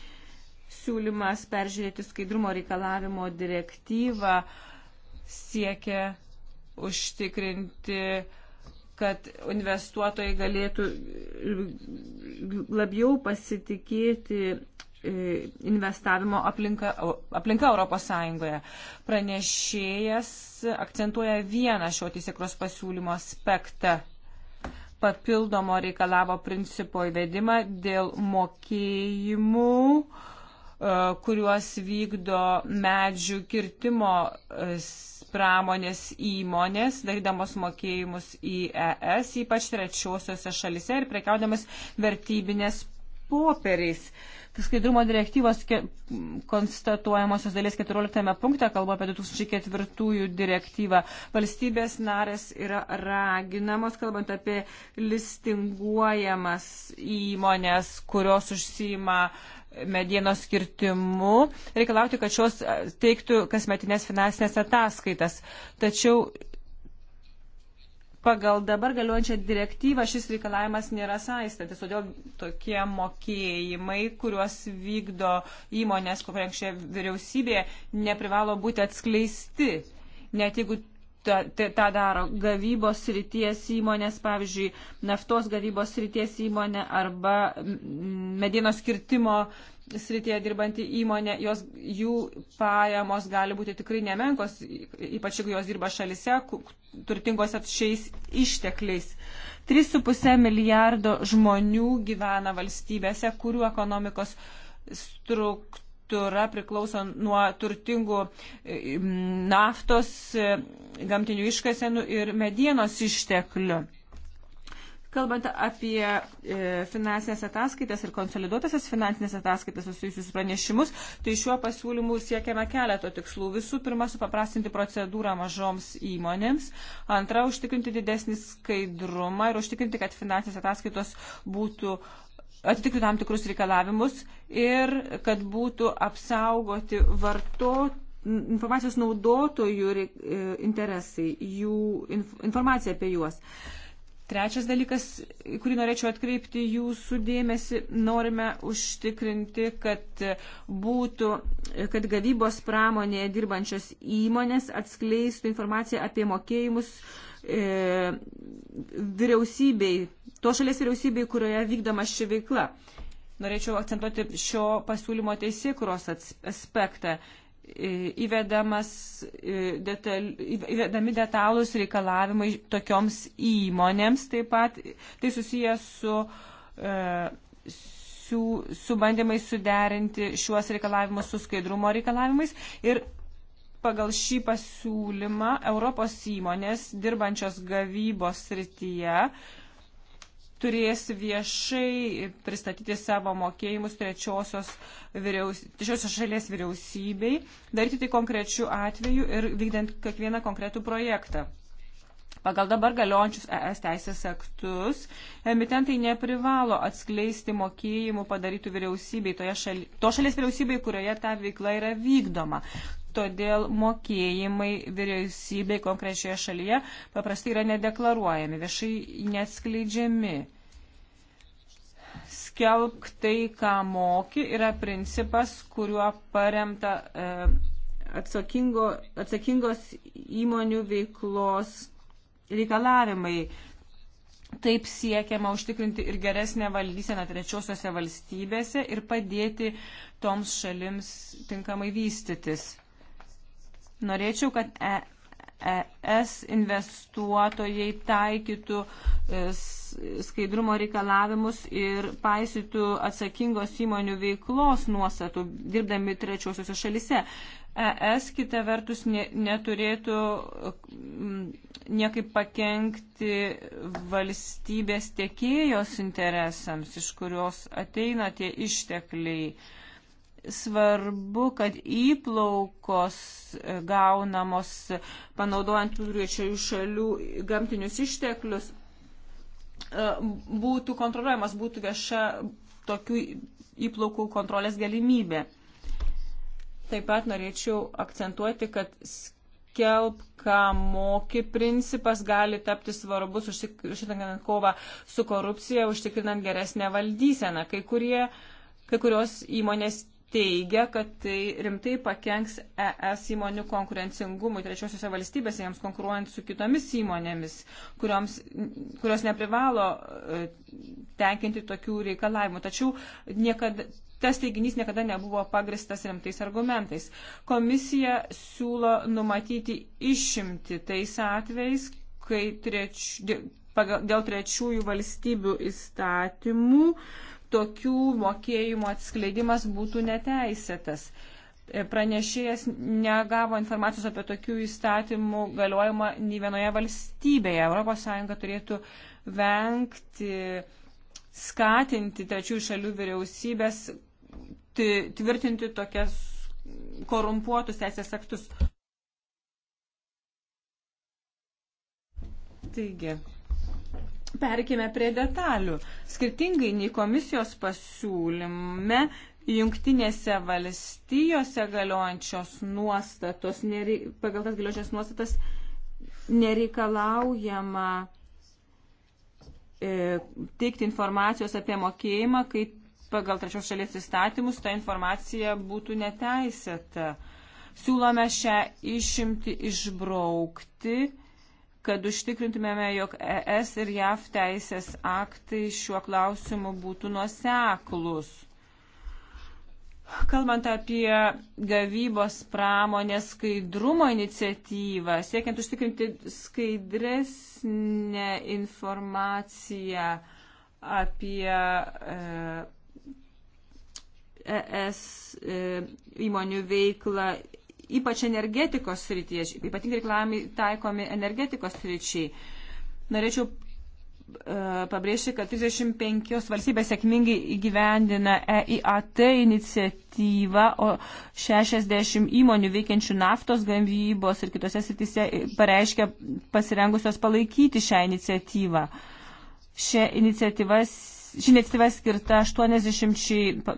siūlymas peržiūrėti skaidrumo reikalavimo direktyvą siekia užtikrinti kad investuotojai galėtų labiau pasitikėti e, investavimo aplinka, aplinka Europos Sąjungoje. Pranešėjas akcentuoja vieną šio teisėkros pasiūlymo aspektą papildomo reikalavo principo įvedimą dėl mokėjimų uh, E, kuriuos vykdo medžių kirtimo e, pramonės įmonės, darydamos mokėjimus į ES, ypač trečiosiuose šalise ir prekiaudamas vertybinės popieriais. Skaidrumo direktyvos konstatuojamosios dalies 14 punkte kalba apie 2004 direktyvą. Valstybės narės yra raginamos, kalbant apie listinguojamas įmonės, kurios užsima uh, medienos kirtimu, reikalauti, kad šios e, teiktų kasmetinės finansinės ataskaitas. Tačiau pagal dabar galiuojančią direktyvą šis reikalavimas nėra saistantis, todėl tokie mokėjimai, kuriuos vykdo įmonės, kokia anksčiau vyriausybė, neprivalo būti atskleisti. Net jeigu tą, tą daro gavybos ryties įmonės, pavyzdžiui, naftos gavybos ryties įmonė arba medienos kirtimo srityje dirbanti įmonė, jos, jų pajamos gali būti tikrai nemenkos, ypač jeigu jos dirba šalise, turtingos atšiais ištekliais. 3,5 milijardo žmonių gyvena valstybėse, kurių ekonomikos struktūra struktūra priklauso nuo turtingų e, naftos, e, gamtinių iškasenų ir medienos išteklių. Kalbant apie e, finansinės ataskaitas ir konsoliduotasias finansinės ataskaitas susijusius pranešimus, tai šiuo pasiūlymu siekiame keleto tikslų. Visų pirma, supaprastinti procedūrą mažoms įmonėms. Antra, užtikrinti didesnį skaidrumą ir užtikrinti, kad finansinės ataskaitos būtų atitiktų tam tikrus reikalavimus ir kad būtų apsaugoti vartotojai informacijos naudotojų e, interesai, jų inf informacija apie juos. Trečias dalykas, kurį norėčiau atkreipti jūsų dėmesį, norime užtikrinti, kad būtų, kad gavybos pramonėje dirbančios įmonės atskleistų informaciją apie mokėjimus uh, e, vyriausybei, to šalies vyriausybei, kurioje vykdama ši veikla. Norėčiau akcentuoti šio pasiūlymo teisėkuros aspektą. E, įvedamas, e, detal, įvedami detalus reikalavimai tokioms įmonėms taip pat, tai susijęs e, su, su, su bandymai suderinti šiuos reikalavimus su skaidrumo reikalavimais ir pagal šį pasiūlymą Europos įmonės dirbančios gavybos srityje turės viešai pristatyti savo mokėjimus trečiosios, vyriaus, trečiosios šalies vyriausybei, daryti tai konkrečių atvejų ir vykdant kiekvieną konkretų projektą. Pagal dabar galiojančius ES teisės aktus, emitentai neprivalo atskleisti mokėjimų padarytų vyriausybei, šali, to šalies vyriausybei, kurioje ta veikla yra vykdoma todėl mokėjimai vyriausybei konkrečioje šalyje paprastai yra nedeklaruojami, viešai neatskleidžiami. Skelbk tai, ką moki, yra principas, kuriuo paremta e, atsakingo, atsakingos įmonių veiklos reikalavimai. Taip siekiama užtikrinti ir geresnę valdyseną trečiosiose valstybėse ir padėti toms šalims tinkamai vystytis. Norėčiau, kad ES e, investuotojai taikytų e, skaidrumo reikalavimus ir paisytų atsakingos įmonių veiklos nuostatų, dirbdami trečiosiuose šalise. ES kita vertus ne, neturėtų niekaip pakengti valstybės tiekėjos interesams, iš kurios ateina tie ištekliai. Uh, svarbu, kad įplaukos gaunamos panaudojant turiuočių šalių gamtinius išteklius e, būtų kontroliuojamas, būtų vieša tokių įplaukų kontrolės galimybė. Taip pat norėčiau akcentuoti, kad skelb, ką moki principas gali tapti svarbus užtikrinant kovą su korupcija, užtikrinant geresnę valdyseną. Kai, kurie, kai kurios įmonės teigia, kad tai rimtai pakenks ES įmonių konkurencingumui trečiosiuose valstybėse, jiems konkuruojant su kitomis įmonėmis, kurioms, kurios neprivalo e, tenkinti tokių reikalavimų. Tačiau niekada, tas teiginys niekada nebuvo pagristas rimtais argumentais. Komisija siūlo numatyti išimti tais atvejais, kai treč, pagal, dėl trečiųjų valstybių įstatymų tokių mokėjimų atskleidimas būtų neteisėtas. E, pranešėjas negavo informacijos apie tokių įstatymų galiojimą nei vienoje valstybėje. ES turėtų vengti, skatinti trečiųjų šalių vyriausybės tvirtinti tokias korumpuotus teisės aktus. Taigi, Perkime prie detalių. Skirtingai nei komisijos pasiūlyme, jungtinėse valstijose galiojančios nuostatos, nerei, pagal tas galiojančias nuostatas nereikalaujama e, teikti informacijos apie mokėjimą, kai pagal trečios šalies įstatymus ta informacija būtų neteisėta. Siūlome šią išimti išbraukti kad užtikrintumėme, jog ES ir JAV teisės aktai šiuo klausimu būtų nuoseklus. Kalbant apie gavybos pramonės skaidrumo iniciatyvą, siekiant užtikrinti skaidresnę informaciją apie e, ES e, įmonių veiklą ypač energetikos srityje, ypatingai reikalavimai taikomi energetikos sričiai. Norėčiau e, pabrėžti, kad 35 valstybės sėkmingai įgyvendina EIAT iniciatyvą, o 60 įmonių veikiančių naftos gamybos ir kitose srityse pareiškia pasirengusios palaikyti šią iniciatyvą. Šią iniciatyvą Ši iniciatyva skirta 80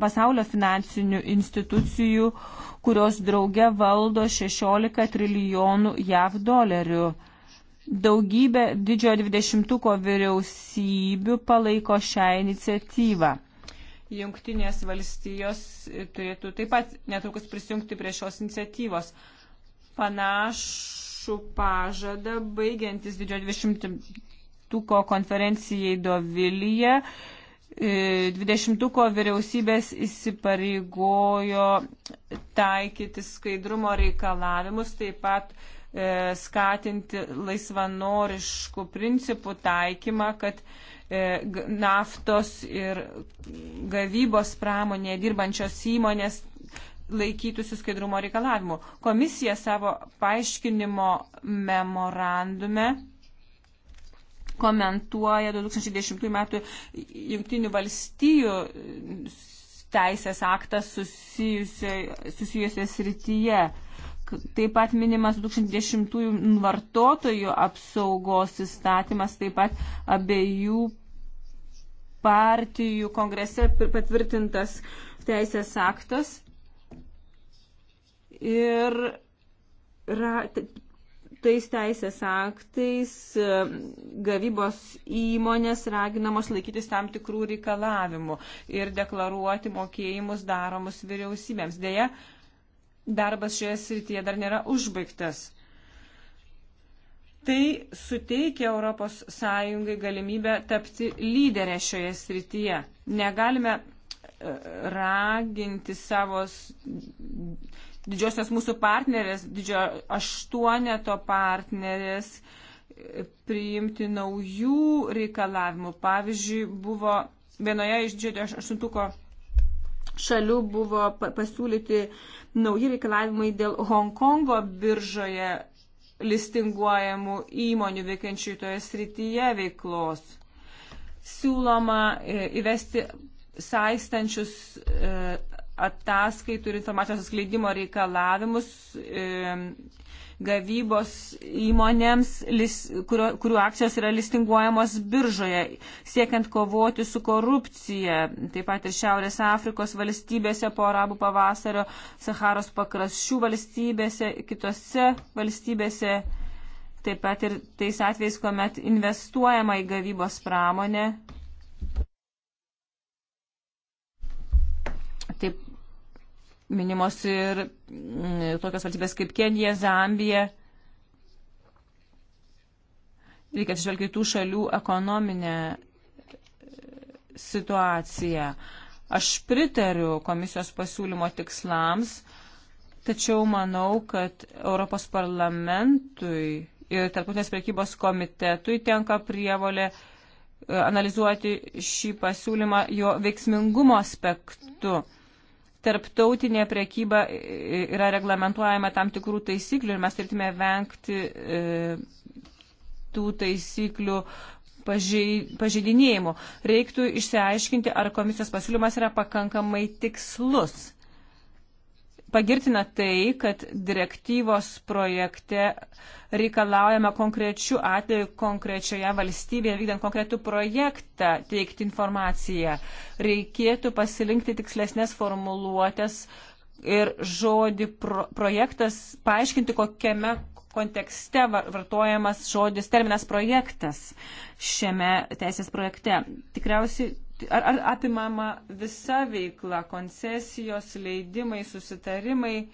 pasaulio finansinių institucijų, kurios drauge valdo 16 trilijonų JAV dolerių. Daugybė didžiojo 20-ko vyriausybių palaiko šią iniciatyvą. Junktinės valstijos turėtų taip pat netrukus prisijungti prie šios iniciatyvos. Panašų pažadą baigiantis didžiojo 20 dvidešimtuko konferencijai Dovilyje. E, dvidešimtuko vyriausybės įsipareigojo taikyti skaidrumo reikalavimus, taip pat e, skatinti laisvanoriškų principų taikymą, kad e, naftos ir gavybos pramonėje dirbančios įmonės laikytųsi skaidrumo reikalavimų. Komisija savo paaiškinimo memorandume komentuoja 2010 m. Junktinių valstijų teisės aktas susijusioje srityje. Taip pat minimas 2010 vartotojų apsaugos įstatymas, taip pat abiejų partijų kongrese patvirtintas teisės aktas. Ir ra, tais teisės aktais e, gavybos įmonės raginamos laikytis tam tikrų reikalavimų ir deklaruoti mokėjimus daromus vyriausybėms. Deja, darbas šioje srityje dar nėra užbaigtas. Tai suteikia ES galimybę tapti lyderę šioje srityje. Negalime e, raginti savos didžiosios mūsų partnerės, didžio aštuoneto partnerės e, priimti naujų reikalavimų. Pavyzdžiui, buvo vienoje iš didžiojo aštuntuko šalių buvo pasiūlyti nauji reikalavimai dėl Hongkongo biržoje listinguojamų įmonių veikiančių toje srityje veiklos. Siūloma e, įvesti saistančius e, ataskaitų ir informacijos atskleidimo reikalavimus e, gavybos įmonėms, lis, kurio, kurių akcijos yra listinguojamos biržoje, siekiant kovoti su korupcija. Taip pat ir Šiaurės Afrikos valstybėse po arabų pavasario, Saharos pakraščių valstybėse, kitose valstybėse. Taip pat ir tais atvejais, kuomet investuojama į gavybos pramonę, Taip minimos ir mm, tokios valstybės kaip Kenija, Zambija. Reikia atsižvelgti tų šalių ekonominę e, situaciją. Aš pritariu komisijos pasiūlymo tikslams, tačiau manau, kad Europos parlamentui ir tarptautinės prekybos komitetui tenka prievolė e, analizuoti šį pasiūlymą jo veiksmingumo aspektu tarptautinė prekyba yra reglamentuojama tam tikrų taisyklių ir mes turėtume vengti e, tų taisyklių pažeidinėjimų. Reiktų išsiaiškinti, ar komisijos pasiūlymas yra pakankamai tikslus. Pagirtina tai, kad direktyvos projekte reikalaujama konkrečių atvejų konkrečioje valstybėje, vykdant konkretų projektą, teikti informaciją. Reikėtų pasirinkti tikslesnės formuluotės ir žodį pro, projektas, paaiškinti, kokiame kontekste vartojamas žodis terminas projektas šiame teisės projekte. Tikriausiai ar, ar apimama visa veikla, koncesijos, leidimai, susitarimai,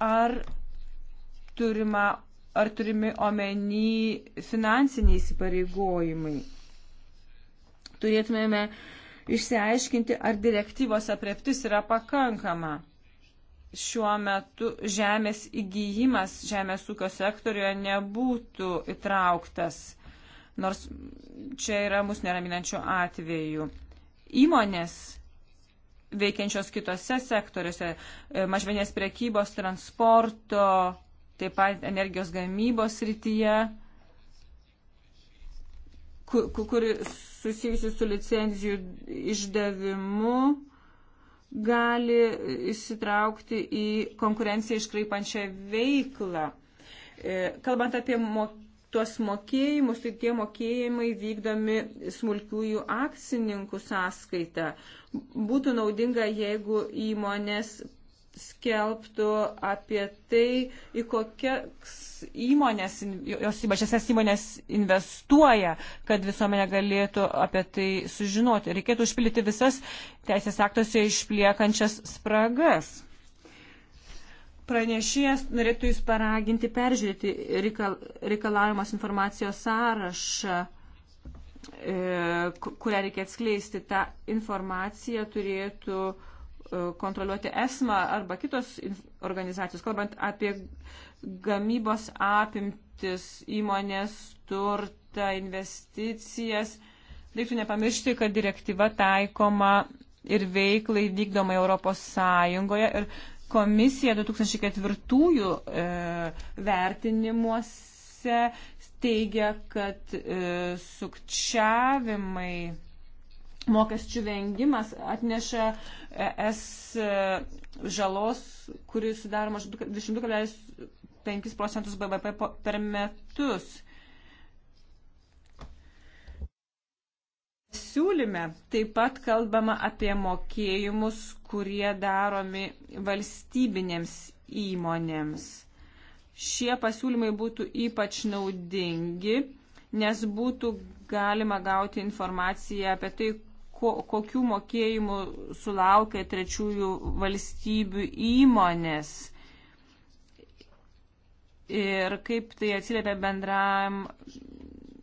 ar, turima, ar turimi omeny finansiniai įsipareigojimai. Turėtumėme išsiaiškinti, ar direktyvos apreptis yra pakankama. Šiuo metu žemės įgyjimas žemės ūkio sektorioje nebūtų įtrauktas, nors čia yra mus neraminančių atvejų. Įmonės veikiančios kitose sektoriuose, e, mažmenės prekybos, transporto, taip pat energijos gamybos rytyje, kur, kur susijusi su licenzijų išdavimu, gali įsitraukti į konkurenciją iškraipančią veiklą. E, kalbant apie mokymą, tuos mokėjimus, tai tie mokėjimai vykdomi smulkiųjų akcininkų sąskaita. Būtų naudinga, jeigu įmonės skelbtų apie tai, į kokias įmonės, jos į mažesnės įmonės investuoja, kad visuomenė galėtų apie tai sužinoti. Reikėtų užpildyti visas teisės aktuose išpliekančias spragas. Pranešėjas norėtų Jūs paraginti peržiūrėti reikal, reikalavimas informacijos sąrašą, e, kurią reikia atskleisti. Ta informacija turėtų e, kontroliuoti ESMA arba kitos organizacijos, kalbant apie gamybos apimtis, įmonės turtą, investicijas. Reiktų nepamiršti, kad direktyva taikoma ir veiklai vykdomai Europos Sąjungoje ir komisija 2004 e, vertinimuose teigia, kad e, sukčiavimai, mokesčių vengimas atneša e, es e, žalos, kuris sudaro maždaug 22,5 procentus BVP per metus. Siūlyme taip pat kalbama apie mokėjimus, kurie daromi valstybinėms įmonėms. Šie pasiūlymai būtų ypač naudingi, nes būtų galima gauti informaciją apie tai, ko, kokių mokėjimų sulaukia trečiųjų valstybių įmonės ir kaip tai atsiliepia bendram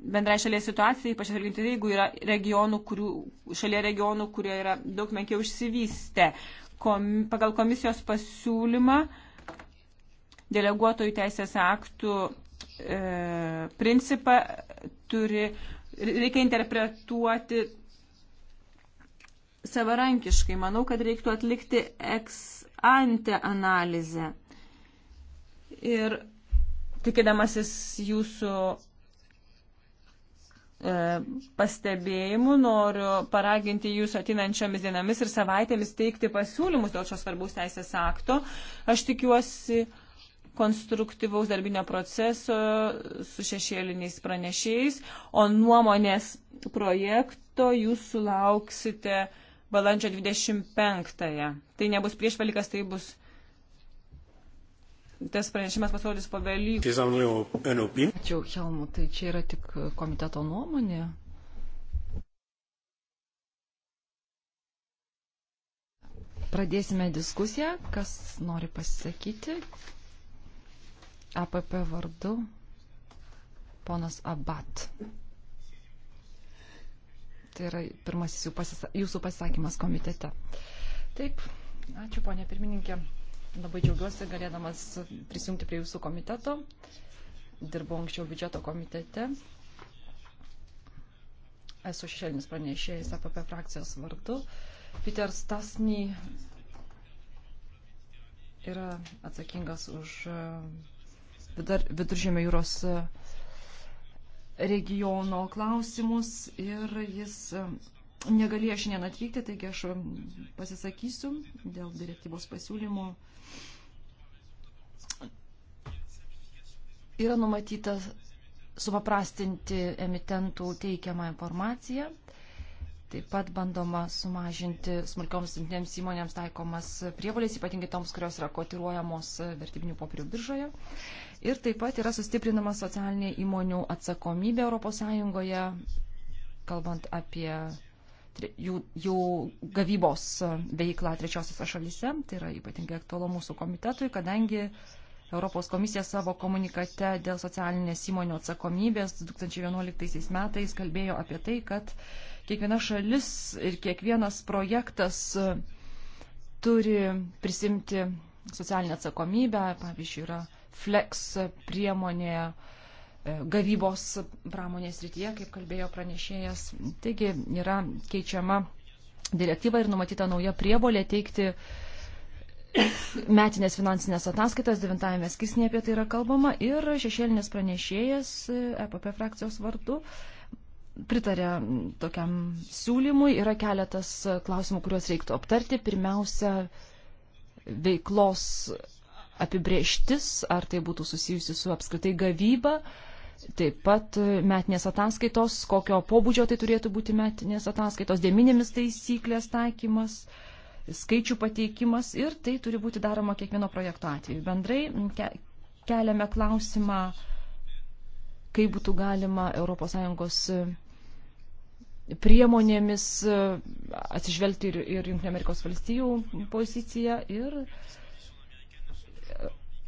bendrai šalies situacijai, ypač žvelgiant į tai, jeigu yra regionų, kurių, šalia regionų, kurie yra daug menkiau išsivystę. Kom, pagal komisijos pasiūlymą deleguotojų teisės aktų e, principą turi, reikia interpretuoti savarankiškai. Manau, kad reiktų atlikti eks ante analizę. Ir tikėdamasis jūsų E, pastebėjimų, noriu paraginti jūs atinančiomis dienomis ir savaitėmis teikti pasiūlymus dėl šios svarbaus teisės akto. Aš tikiuosi konstruktyvaus darbinio proceso su šešėliniais pranešiais, o nuomonės projekto jūs sulauksite balandžio 25-ąją. Tai nebus prieš Velykas, tai bus tas pranešimas pasirodys po Velykų. Ačiū, Helmu, tai čia yra tik komiteto nuomonė. Pradėsime diskusiją, kas nori pasisakyti. APP vardu ponas Abat. Tai yra pirmasis jūsų pasisakymas komitete. Taip, ačiū ponė pirmininkė labai džiaugiuosi galėdamas prisijungti prie jūsų komiteto. Dirbau anksčiau biudžeto komitete. Esu šešėlinis pranešėjas APP frakcijos vardu. Peter Stasny yra atsakingas už e, vidar, viduržėmio jūros e, regiono klausimus ir jis e, negalėjo šiandien atvykti, taigi aš um, pasisakysiu dėl direktyvos pasiūlymo. Yra numatyta supaprastinti emitentų teikiamą informaciją. Taip pat bandoma sumažinti smulkioms simtinėms įmonėms taikomas prievalės, ypatingai toms, kurios yra kotiruojamos vertybinių popierių biržoje. Ir taip pat yra sustiprinama socialinė įmonių atsakomybė ES, kalbant apie jų, jų gavybos veiklą trečiosiose šalyse. Tai yra ypatingai aktualo mūsų komitetui, kadangi Europos komisija savo komunikate dėl socialinės įmonių atsakomybės 2011 metais kalbėjo apie tai, kad kiekviena šalis ir kiekvienas projektas e, turi prisimti socialinę atsakomybę. Pavyzdžiui, yra flex priemonė E, gavybos pramonės rytyje, kaip kalbėjo pranešėjas. Taigi yra keičiama direktyva ir numatyta nauja prievolė teikti metinės finansinės ataskaitas, devintajame skirsnėje apie tai yra kalbama ir šešėlinės pranešėjas EPP e frakcijos vardu pritarė tokiam siūlymui. Yra keletas klausimų, kuriuos reiktų aptarti. Pirmiausia, veiklos apibrieštis, ar tai būtų susijusi su apskritai gavyba, Taip pat e, metinės ataskaitos, kokio pobūdžio tai turėtų būti metinės ataskaitos, dėminimis taisyklės taikymas, skaičių pateikimas ir tai turi būti daroma kiekvieno projekto atveju. Bendrai ke keliame klausimą, kaip būtų galima ES e, priemonėmis e, atsižvelgti ir, ir Junktinio Amerikos valstijų poziciją ir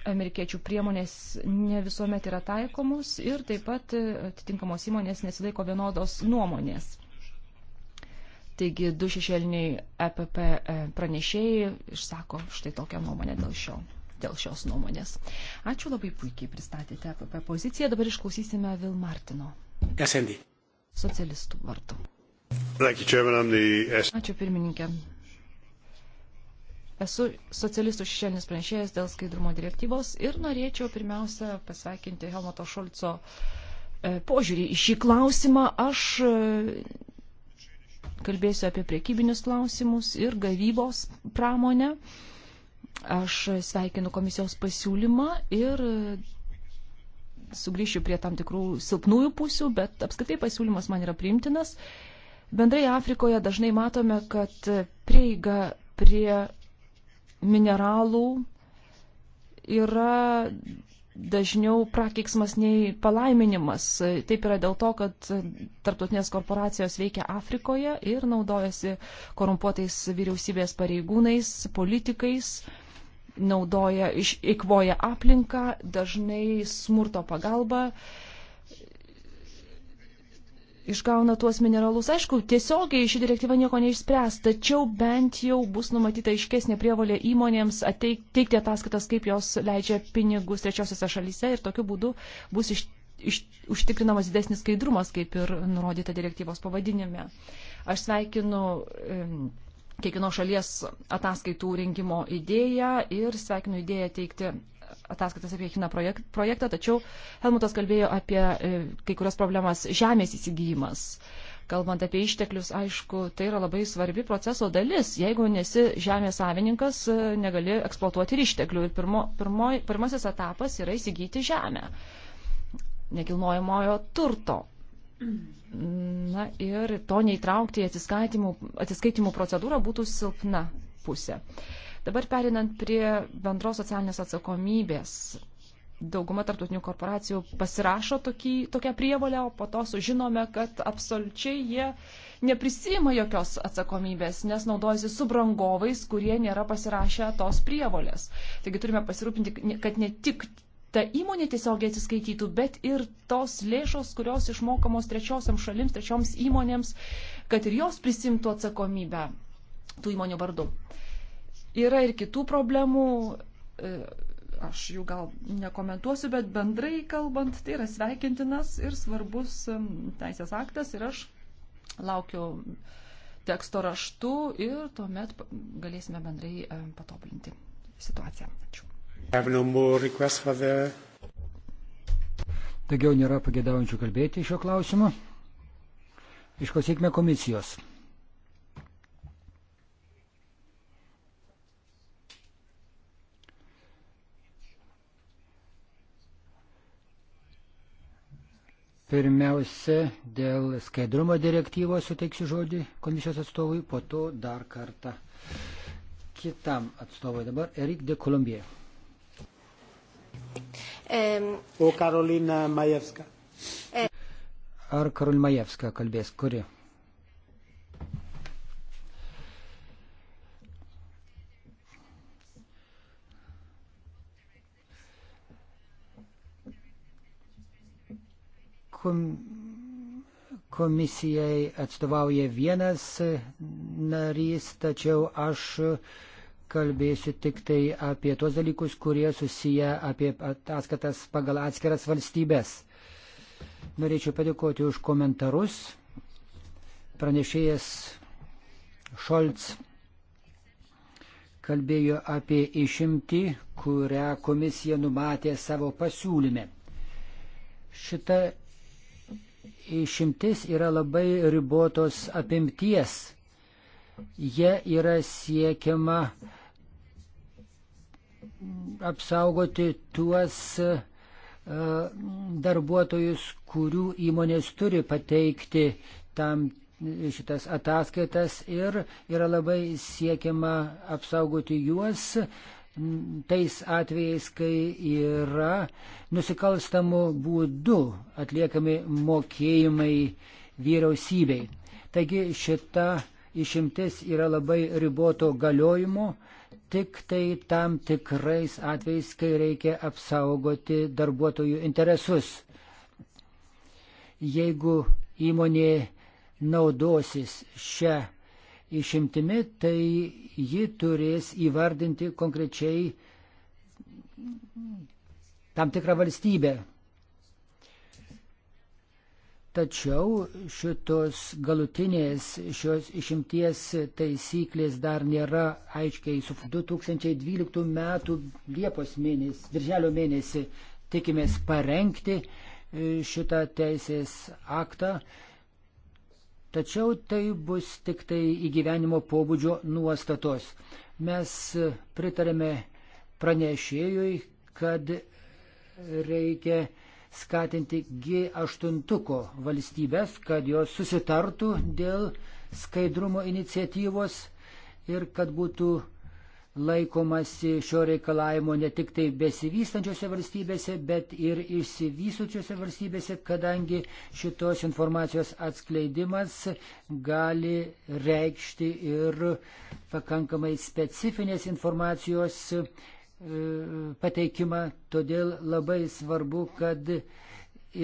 amerikiečių priemonės ne visuomet yra taikomus ir taip pat e, atitinkamos įmonės nesilaiko vienodos nuomonės. Taigi du šešėliniai EPP e, pranešėjai išsako štai tokią nuomonę dėl, šio, dėl šios nuomonės. Ačiū labai puikiai pristatėte EPP poziciją. Dabar išklausysime Vil Martino. Kas Andy? Socialistų vartų. Ačiū pirmininkė. Esu socialistų šešėlinis pranešėjas dėl skaidrumo direktyvos ir norėčiau pirmiausia pasakinti Helmuto Šolco e, požiūrį į šį klausimą. Aš e, kalbėsiu apie priekybinius klausimus ir gavybos pramonę. Aš sveikinu komisijos pasiūlymą ir e, sugrįšiu prie tam tikrų silpnųjų pusių, bet apskritai pasiūlymas man yra priimtinas. Bendrai Afrikoje dažnai matome, kad prieiga prie mineralų yra dažniau prakeiksmas nei palaiminimas. Taip yra dėl to, kad tarptautinės korporacijos veikia Afrikoje ir naudojasi korumpuotais vyriausybės pareigūnais, politikais, naudoja, išeikvoja aplinką, dažnai smurto pagalba išgauna tuos mineralus. Aišku, tiesiogiai ši direktyva nieko neišspręs, tačiau bent jau bus numatyta iškesnė prievalė įmonėms ateik, teikti ataskaitas, kaip jos leidžia pinigus trečiosiose šalyse ir tokiu būdu bus iš, iš, užtikrinamas didesnis skaidrumas, kaip ir nurodyta direktyvos pavadinime. Aš sveikinu. Um, kiekvienos šalies ataskaitų rinkimo idėją ir sveikinu idėją teikti ataskaitas apie Hina projektą, tačiau Helmutas kalbėjo apie e, kai kurias problemas žemės įsigijimas. Kalbant apie išteklius, aišku, tai yra labai svarbi proceso dalis. Jeigu nesi žemės savininkas, e, negali eksploatuoti ir išteklių. Ir pirmo, pirmo, pirmasis etapas yra įsigyti žemę nekilnojamojo turto. Na ir to neįtraukti į atsiskaitimų, atsiskaitimų procedūrą būtų silpna pusė. Uh, Dabar perinant prie bendros socialinės atsakomybės. Dauguma tarptautinių korporacijų pasirašo tokį, tokią prievolę, o po to sužinome, kad absoliučiai jie neprisima jokios atsakomybės, nes naudojasi subrangovais, kurie nėra pasirašę tos prievolės. Taigi turime pasirūpinti, kad ne tik ta įmonė tiesiogiai atsiskaitytų, bet ir tos lėšos, kurios išmokamos trečiosiam šalims, trečioms įmonėms, kad ir jos prisimtų atsakomybę tų įmonių vardu. Yra ir kitų problemų, e, aš jų gal nekomentuosiu, bet bendrai kalbant, tai yra sveikintinas ir svarbus teisės aktas ir aš laukiu teksto raštu ir tuomet galėsime bendrai e, patobulinti situaciją. Ačiū. Daugiau nėra pagėdaujančių kalbėti šio klausimu. Išklausykime komisijos. Pirmiausia, dėl skaidrumo direktyvos suteiksiu žodį komisijos atstovui, po to dar kartą kitam atstovui. Dabar Erik de Kolumbija. Um, o Karolina Majevska. Ar Karolina Majevska kalbės, kuri? komisijai atstovauja vienas narys, tačiau aš kalbėsiu tik tai apie tuos dalykus, kurie susiję apie ataskatas pagal atskiras valstybės. Norėčiau padėkoti už komentarus. Pranešėjas Šolts kalbėjo apie išimtį, kurią komisija numatė savo pasiūlyme. Šita Išimtis yra labai ribotos apimties. Jie yra siekiama apsaugoti tuos e, darbuotojus, kurių įmonės turi pateikti tam šitas ataskaitas ir yra labai siekiama apsaugoti juos tais atvejais, kai yra nusikalstamų būdų atliekami mokėjimai vyriausybei. Taigi šita išimtis yra labai riboto galiojimo, tik tai tam tikrais atvejais, kai reikia apsaugoti darbuotojų interesus. Jeigu įmonė naudosis šią išimtimi, tai ji turės įvardinti konkrečiai tam tikrą valstybę. Tačiau šitos galutinės šios išimties taisyklės dar nėra aiškiai su 2012 metų Liepos mėnesį, Virželio mėnesį tikimės parengti e, šitą teisės aktą Tačiau tai bus tik tai įgyvenimo pobūdžio nuostatos. Mes pritarėme pranešėjui, kad reikia skatinti G8 valstybės, kad jos susitartų dėl skaidrumo iniciatyvos ir kad būtų laikomasi šio reikalavimo ne tik tai besivystančiose valstybėse, bet ir išsivysučiose valstybėse, kadangi šitos informacijos atskleidimas gali reikšti ir pakankamai specifinės informacijos e, pateikimą. Todėl labai svarbu, kad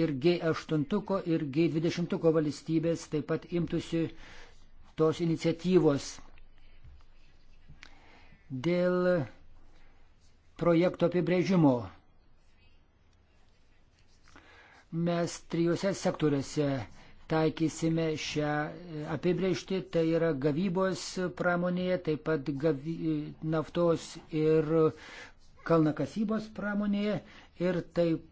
ir G8 ir G20 valstybės taip pat imtųsi tos iniciatyvos dėl projekto apibrėžimo. Mes trijose sektoriuose taikysime šią apibrėžtį, tai yra gavybos pramonėje, taip pat gavi, naftos ir kalnakasybos pramonėje ir taip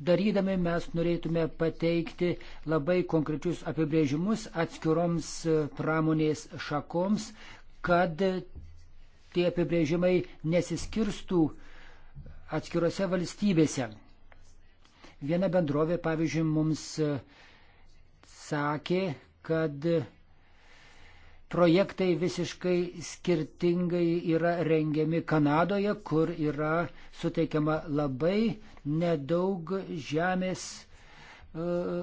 darydami mes norėtume pateikti labai konkrečius apibrėžimus atskiroms pramonės šakoms, kad tie apibrėžimai nesiskirstų atskirose valstybėse. Viena bendrovė, pavyzdžiui, mums e, sakė, kad projektai visiškai skirtingai yra rengiami Kanadoje, kur yra suteikiama labai nedaug žemės, e,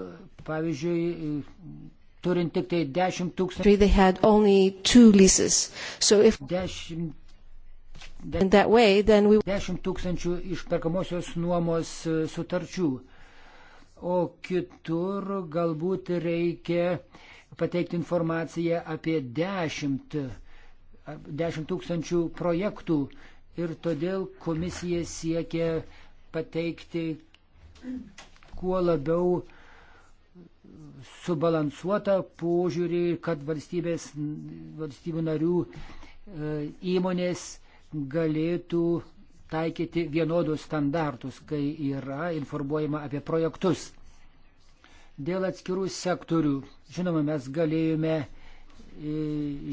pavyzdžiui, turint tik tai 10 tūkstančių. 10 10 tūkstančių išperkamosios nuomos e, sutarčių, o kitur galbūt reikia pateikti informaciją apie 10, 10 tūkstančių projektų ir todėl komisija siekia pateikti kuo labiau subalansuotą požiūrį, kad valstybės, valstybių narių e, įmonės galėtų taikyti vienodus standartus, kai yra informuojama apie projektus. Dėl atskirų sektorių, žinoma, mes galėjome e,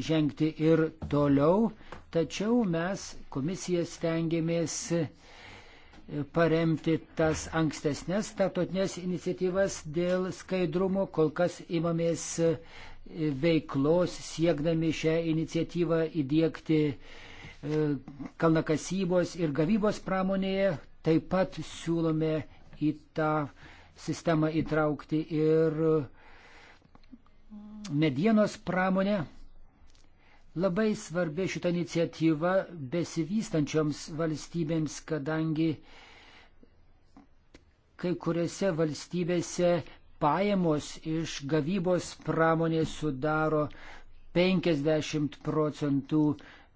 žengti ir toliau, tačiau mes komisija stengiamės e, paremti tas ankstesnės tarptautinės iniciatyvas dėl skaidrumo, kol kas imamės e, veiklos siekdami šią iniciatyvą įdėkti E, kalnakasybos ir gavybos pramonėje. Taip pat siūlome į tą sistemą įtraukti ir medienos pramonę. Labai svarbi šita iniciatyva besivystančioms valstybėms, kadangi kai kuriuose valstybėse pajamos iš gavybos pramonės sudaro 50 procentų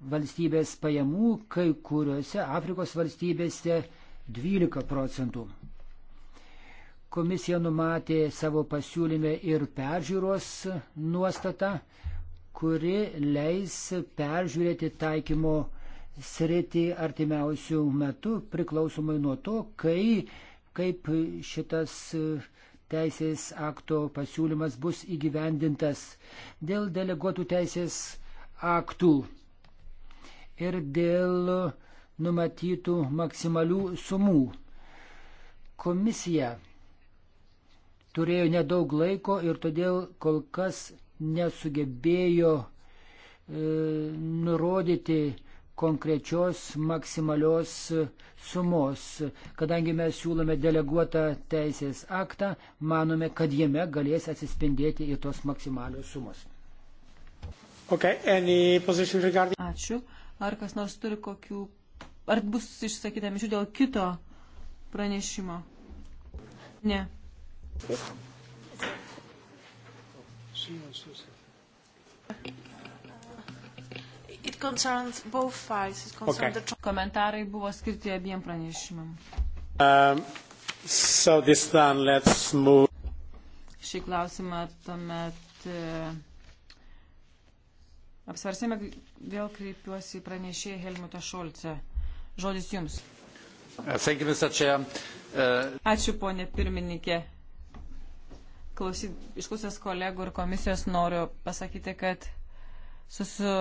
valstybės pajamų, kai kuriuose Afrikos valstybėse 12 procentų. Komisija numatė savo pasiūlyme ir peržiūros nuostatą, kuri leis peržiūrėti taikymo sritį artimiausių metų priklausomai nuo to, kai, kaip šitas teisės akto pasiūlymas bus įgyvendintas dėl deleguotų teisės aktų ir dėl numatytų maksimalių sumų. Komisija turėjo nedaug laiko ir todėl kol kas nesugebėjo e, nurodyti konkrečios maksimalios sumos. Kadangi mes siūlome deleguotą teisės aktą, manome, kad jame galės atsispindėti ir tos maksimalios sumos. Okay, regarding... Ačiū. Ar kas nors turi kokių. Ar bus išsakyta minčių dėl kito pranešimo? Ne. It concerns both files. It concerns okay. the... Komentarai buvo skirti abiem pranešimam. Um, so this done, let's move. Šį klausimą tuomet. Uh, apsvarsėme, vėl kreipiuosi į pranešėją Helmutą Šolcę. Žodis jums. Uh, Ačiū, ponė pirmininkė. Klausy, išklausęs kolegų ir komisijos noriu pasakyti, kad susu,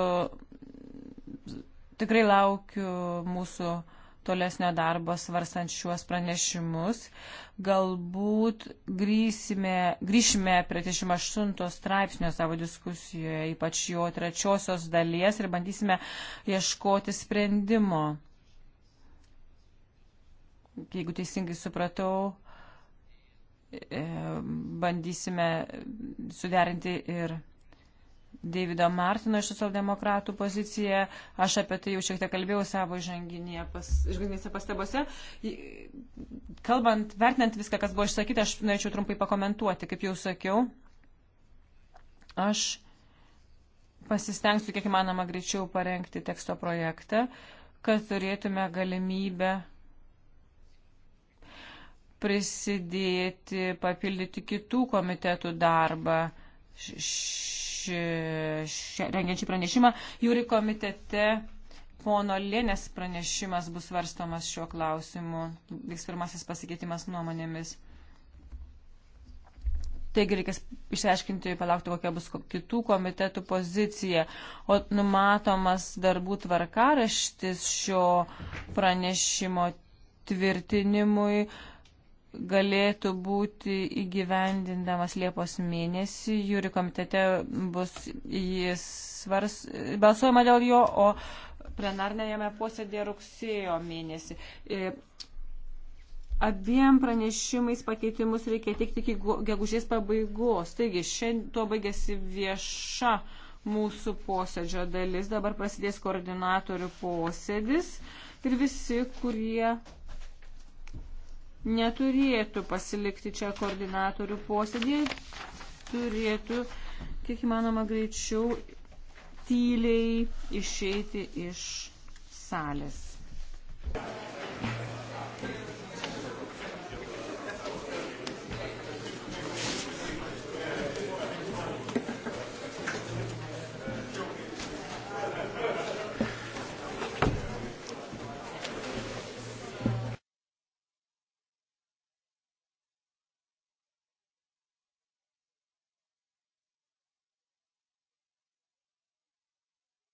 tikrai laukiu mūsų uh, tolesnio darbo svarstant šiuos pranešimus. Galbūt grįsime, grįšime prie 38 straipsnio savo diskusijoje, ypač jo trečiosios dalies ir bandysime ieškoti sprendimo. Jeigu teisingai supratau, e, bandysime suderinti ir Davido Martino iš socialdemokratų poziciją. Aš apie tai jau šiek tiek kalbėjau savo žanginėse pas, pastabose. Kalbant, vertinant viską, kas buvo išsakyta, aš norėčiau trumpai pakomentuoti, kaip jau sakiau. Aš pasistengsiu kiek įmanoma greičiau parengti teksto projektą, kad turėtume galimybę prisidėti, papildyti kitų komitetų darbą rengiant šį pranešimą. Jūri komitete pono Lėnės pranešimas bus svarstomas šiuo klausimu. Vyks pirmasis pasikeitimas nuomonėmis. Taigi reikės išsiaiškinti, palaukti, kokia bus kitų komitetų pozicija. O numatomas darbų tvarkaraštis šio pranešimo tvirtinimui galėtų būti įgyvendindamas Liepos mėnesį. Jūri komitete bus jis svars, balsuojama dėl jo, o plenarnėjame posėdė rugsėjo mėnesį. E, abiem pranešimais pakeitimus reikia teikti iki gegužės pabaigos. Taigi, šiandien tuo baigėsi vieša mūsų posėdžio dalis. Dabar prasidės koordinatorių posėdis ir visi, kurie neturėtų pasilikti čia koordinatorių posėdėje, turėtų kiek įmanoma greičiau tyliai išeiti iš salės. Thank you.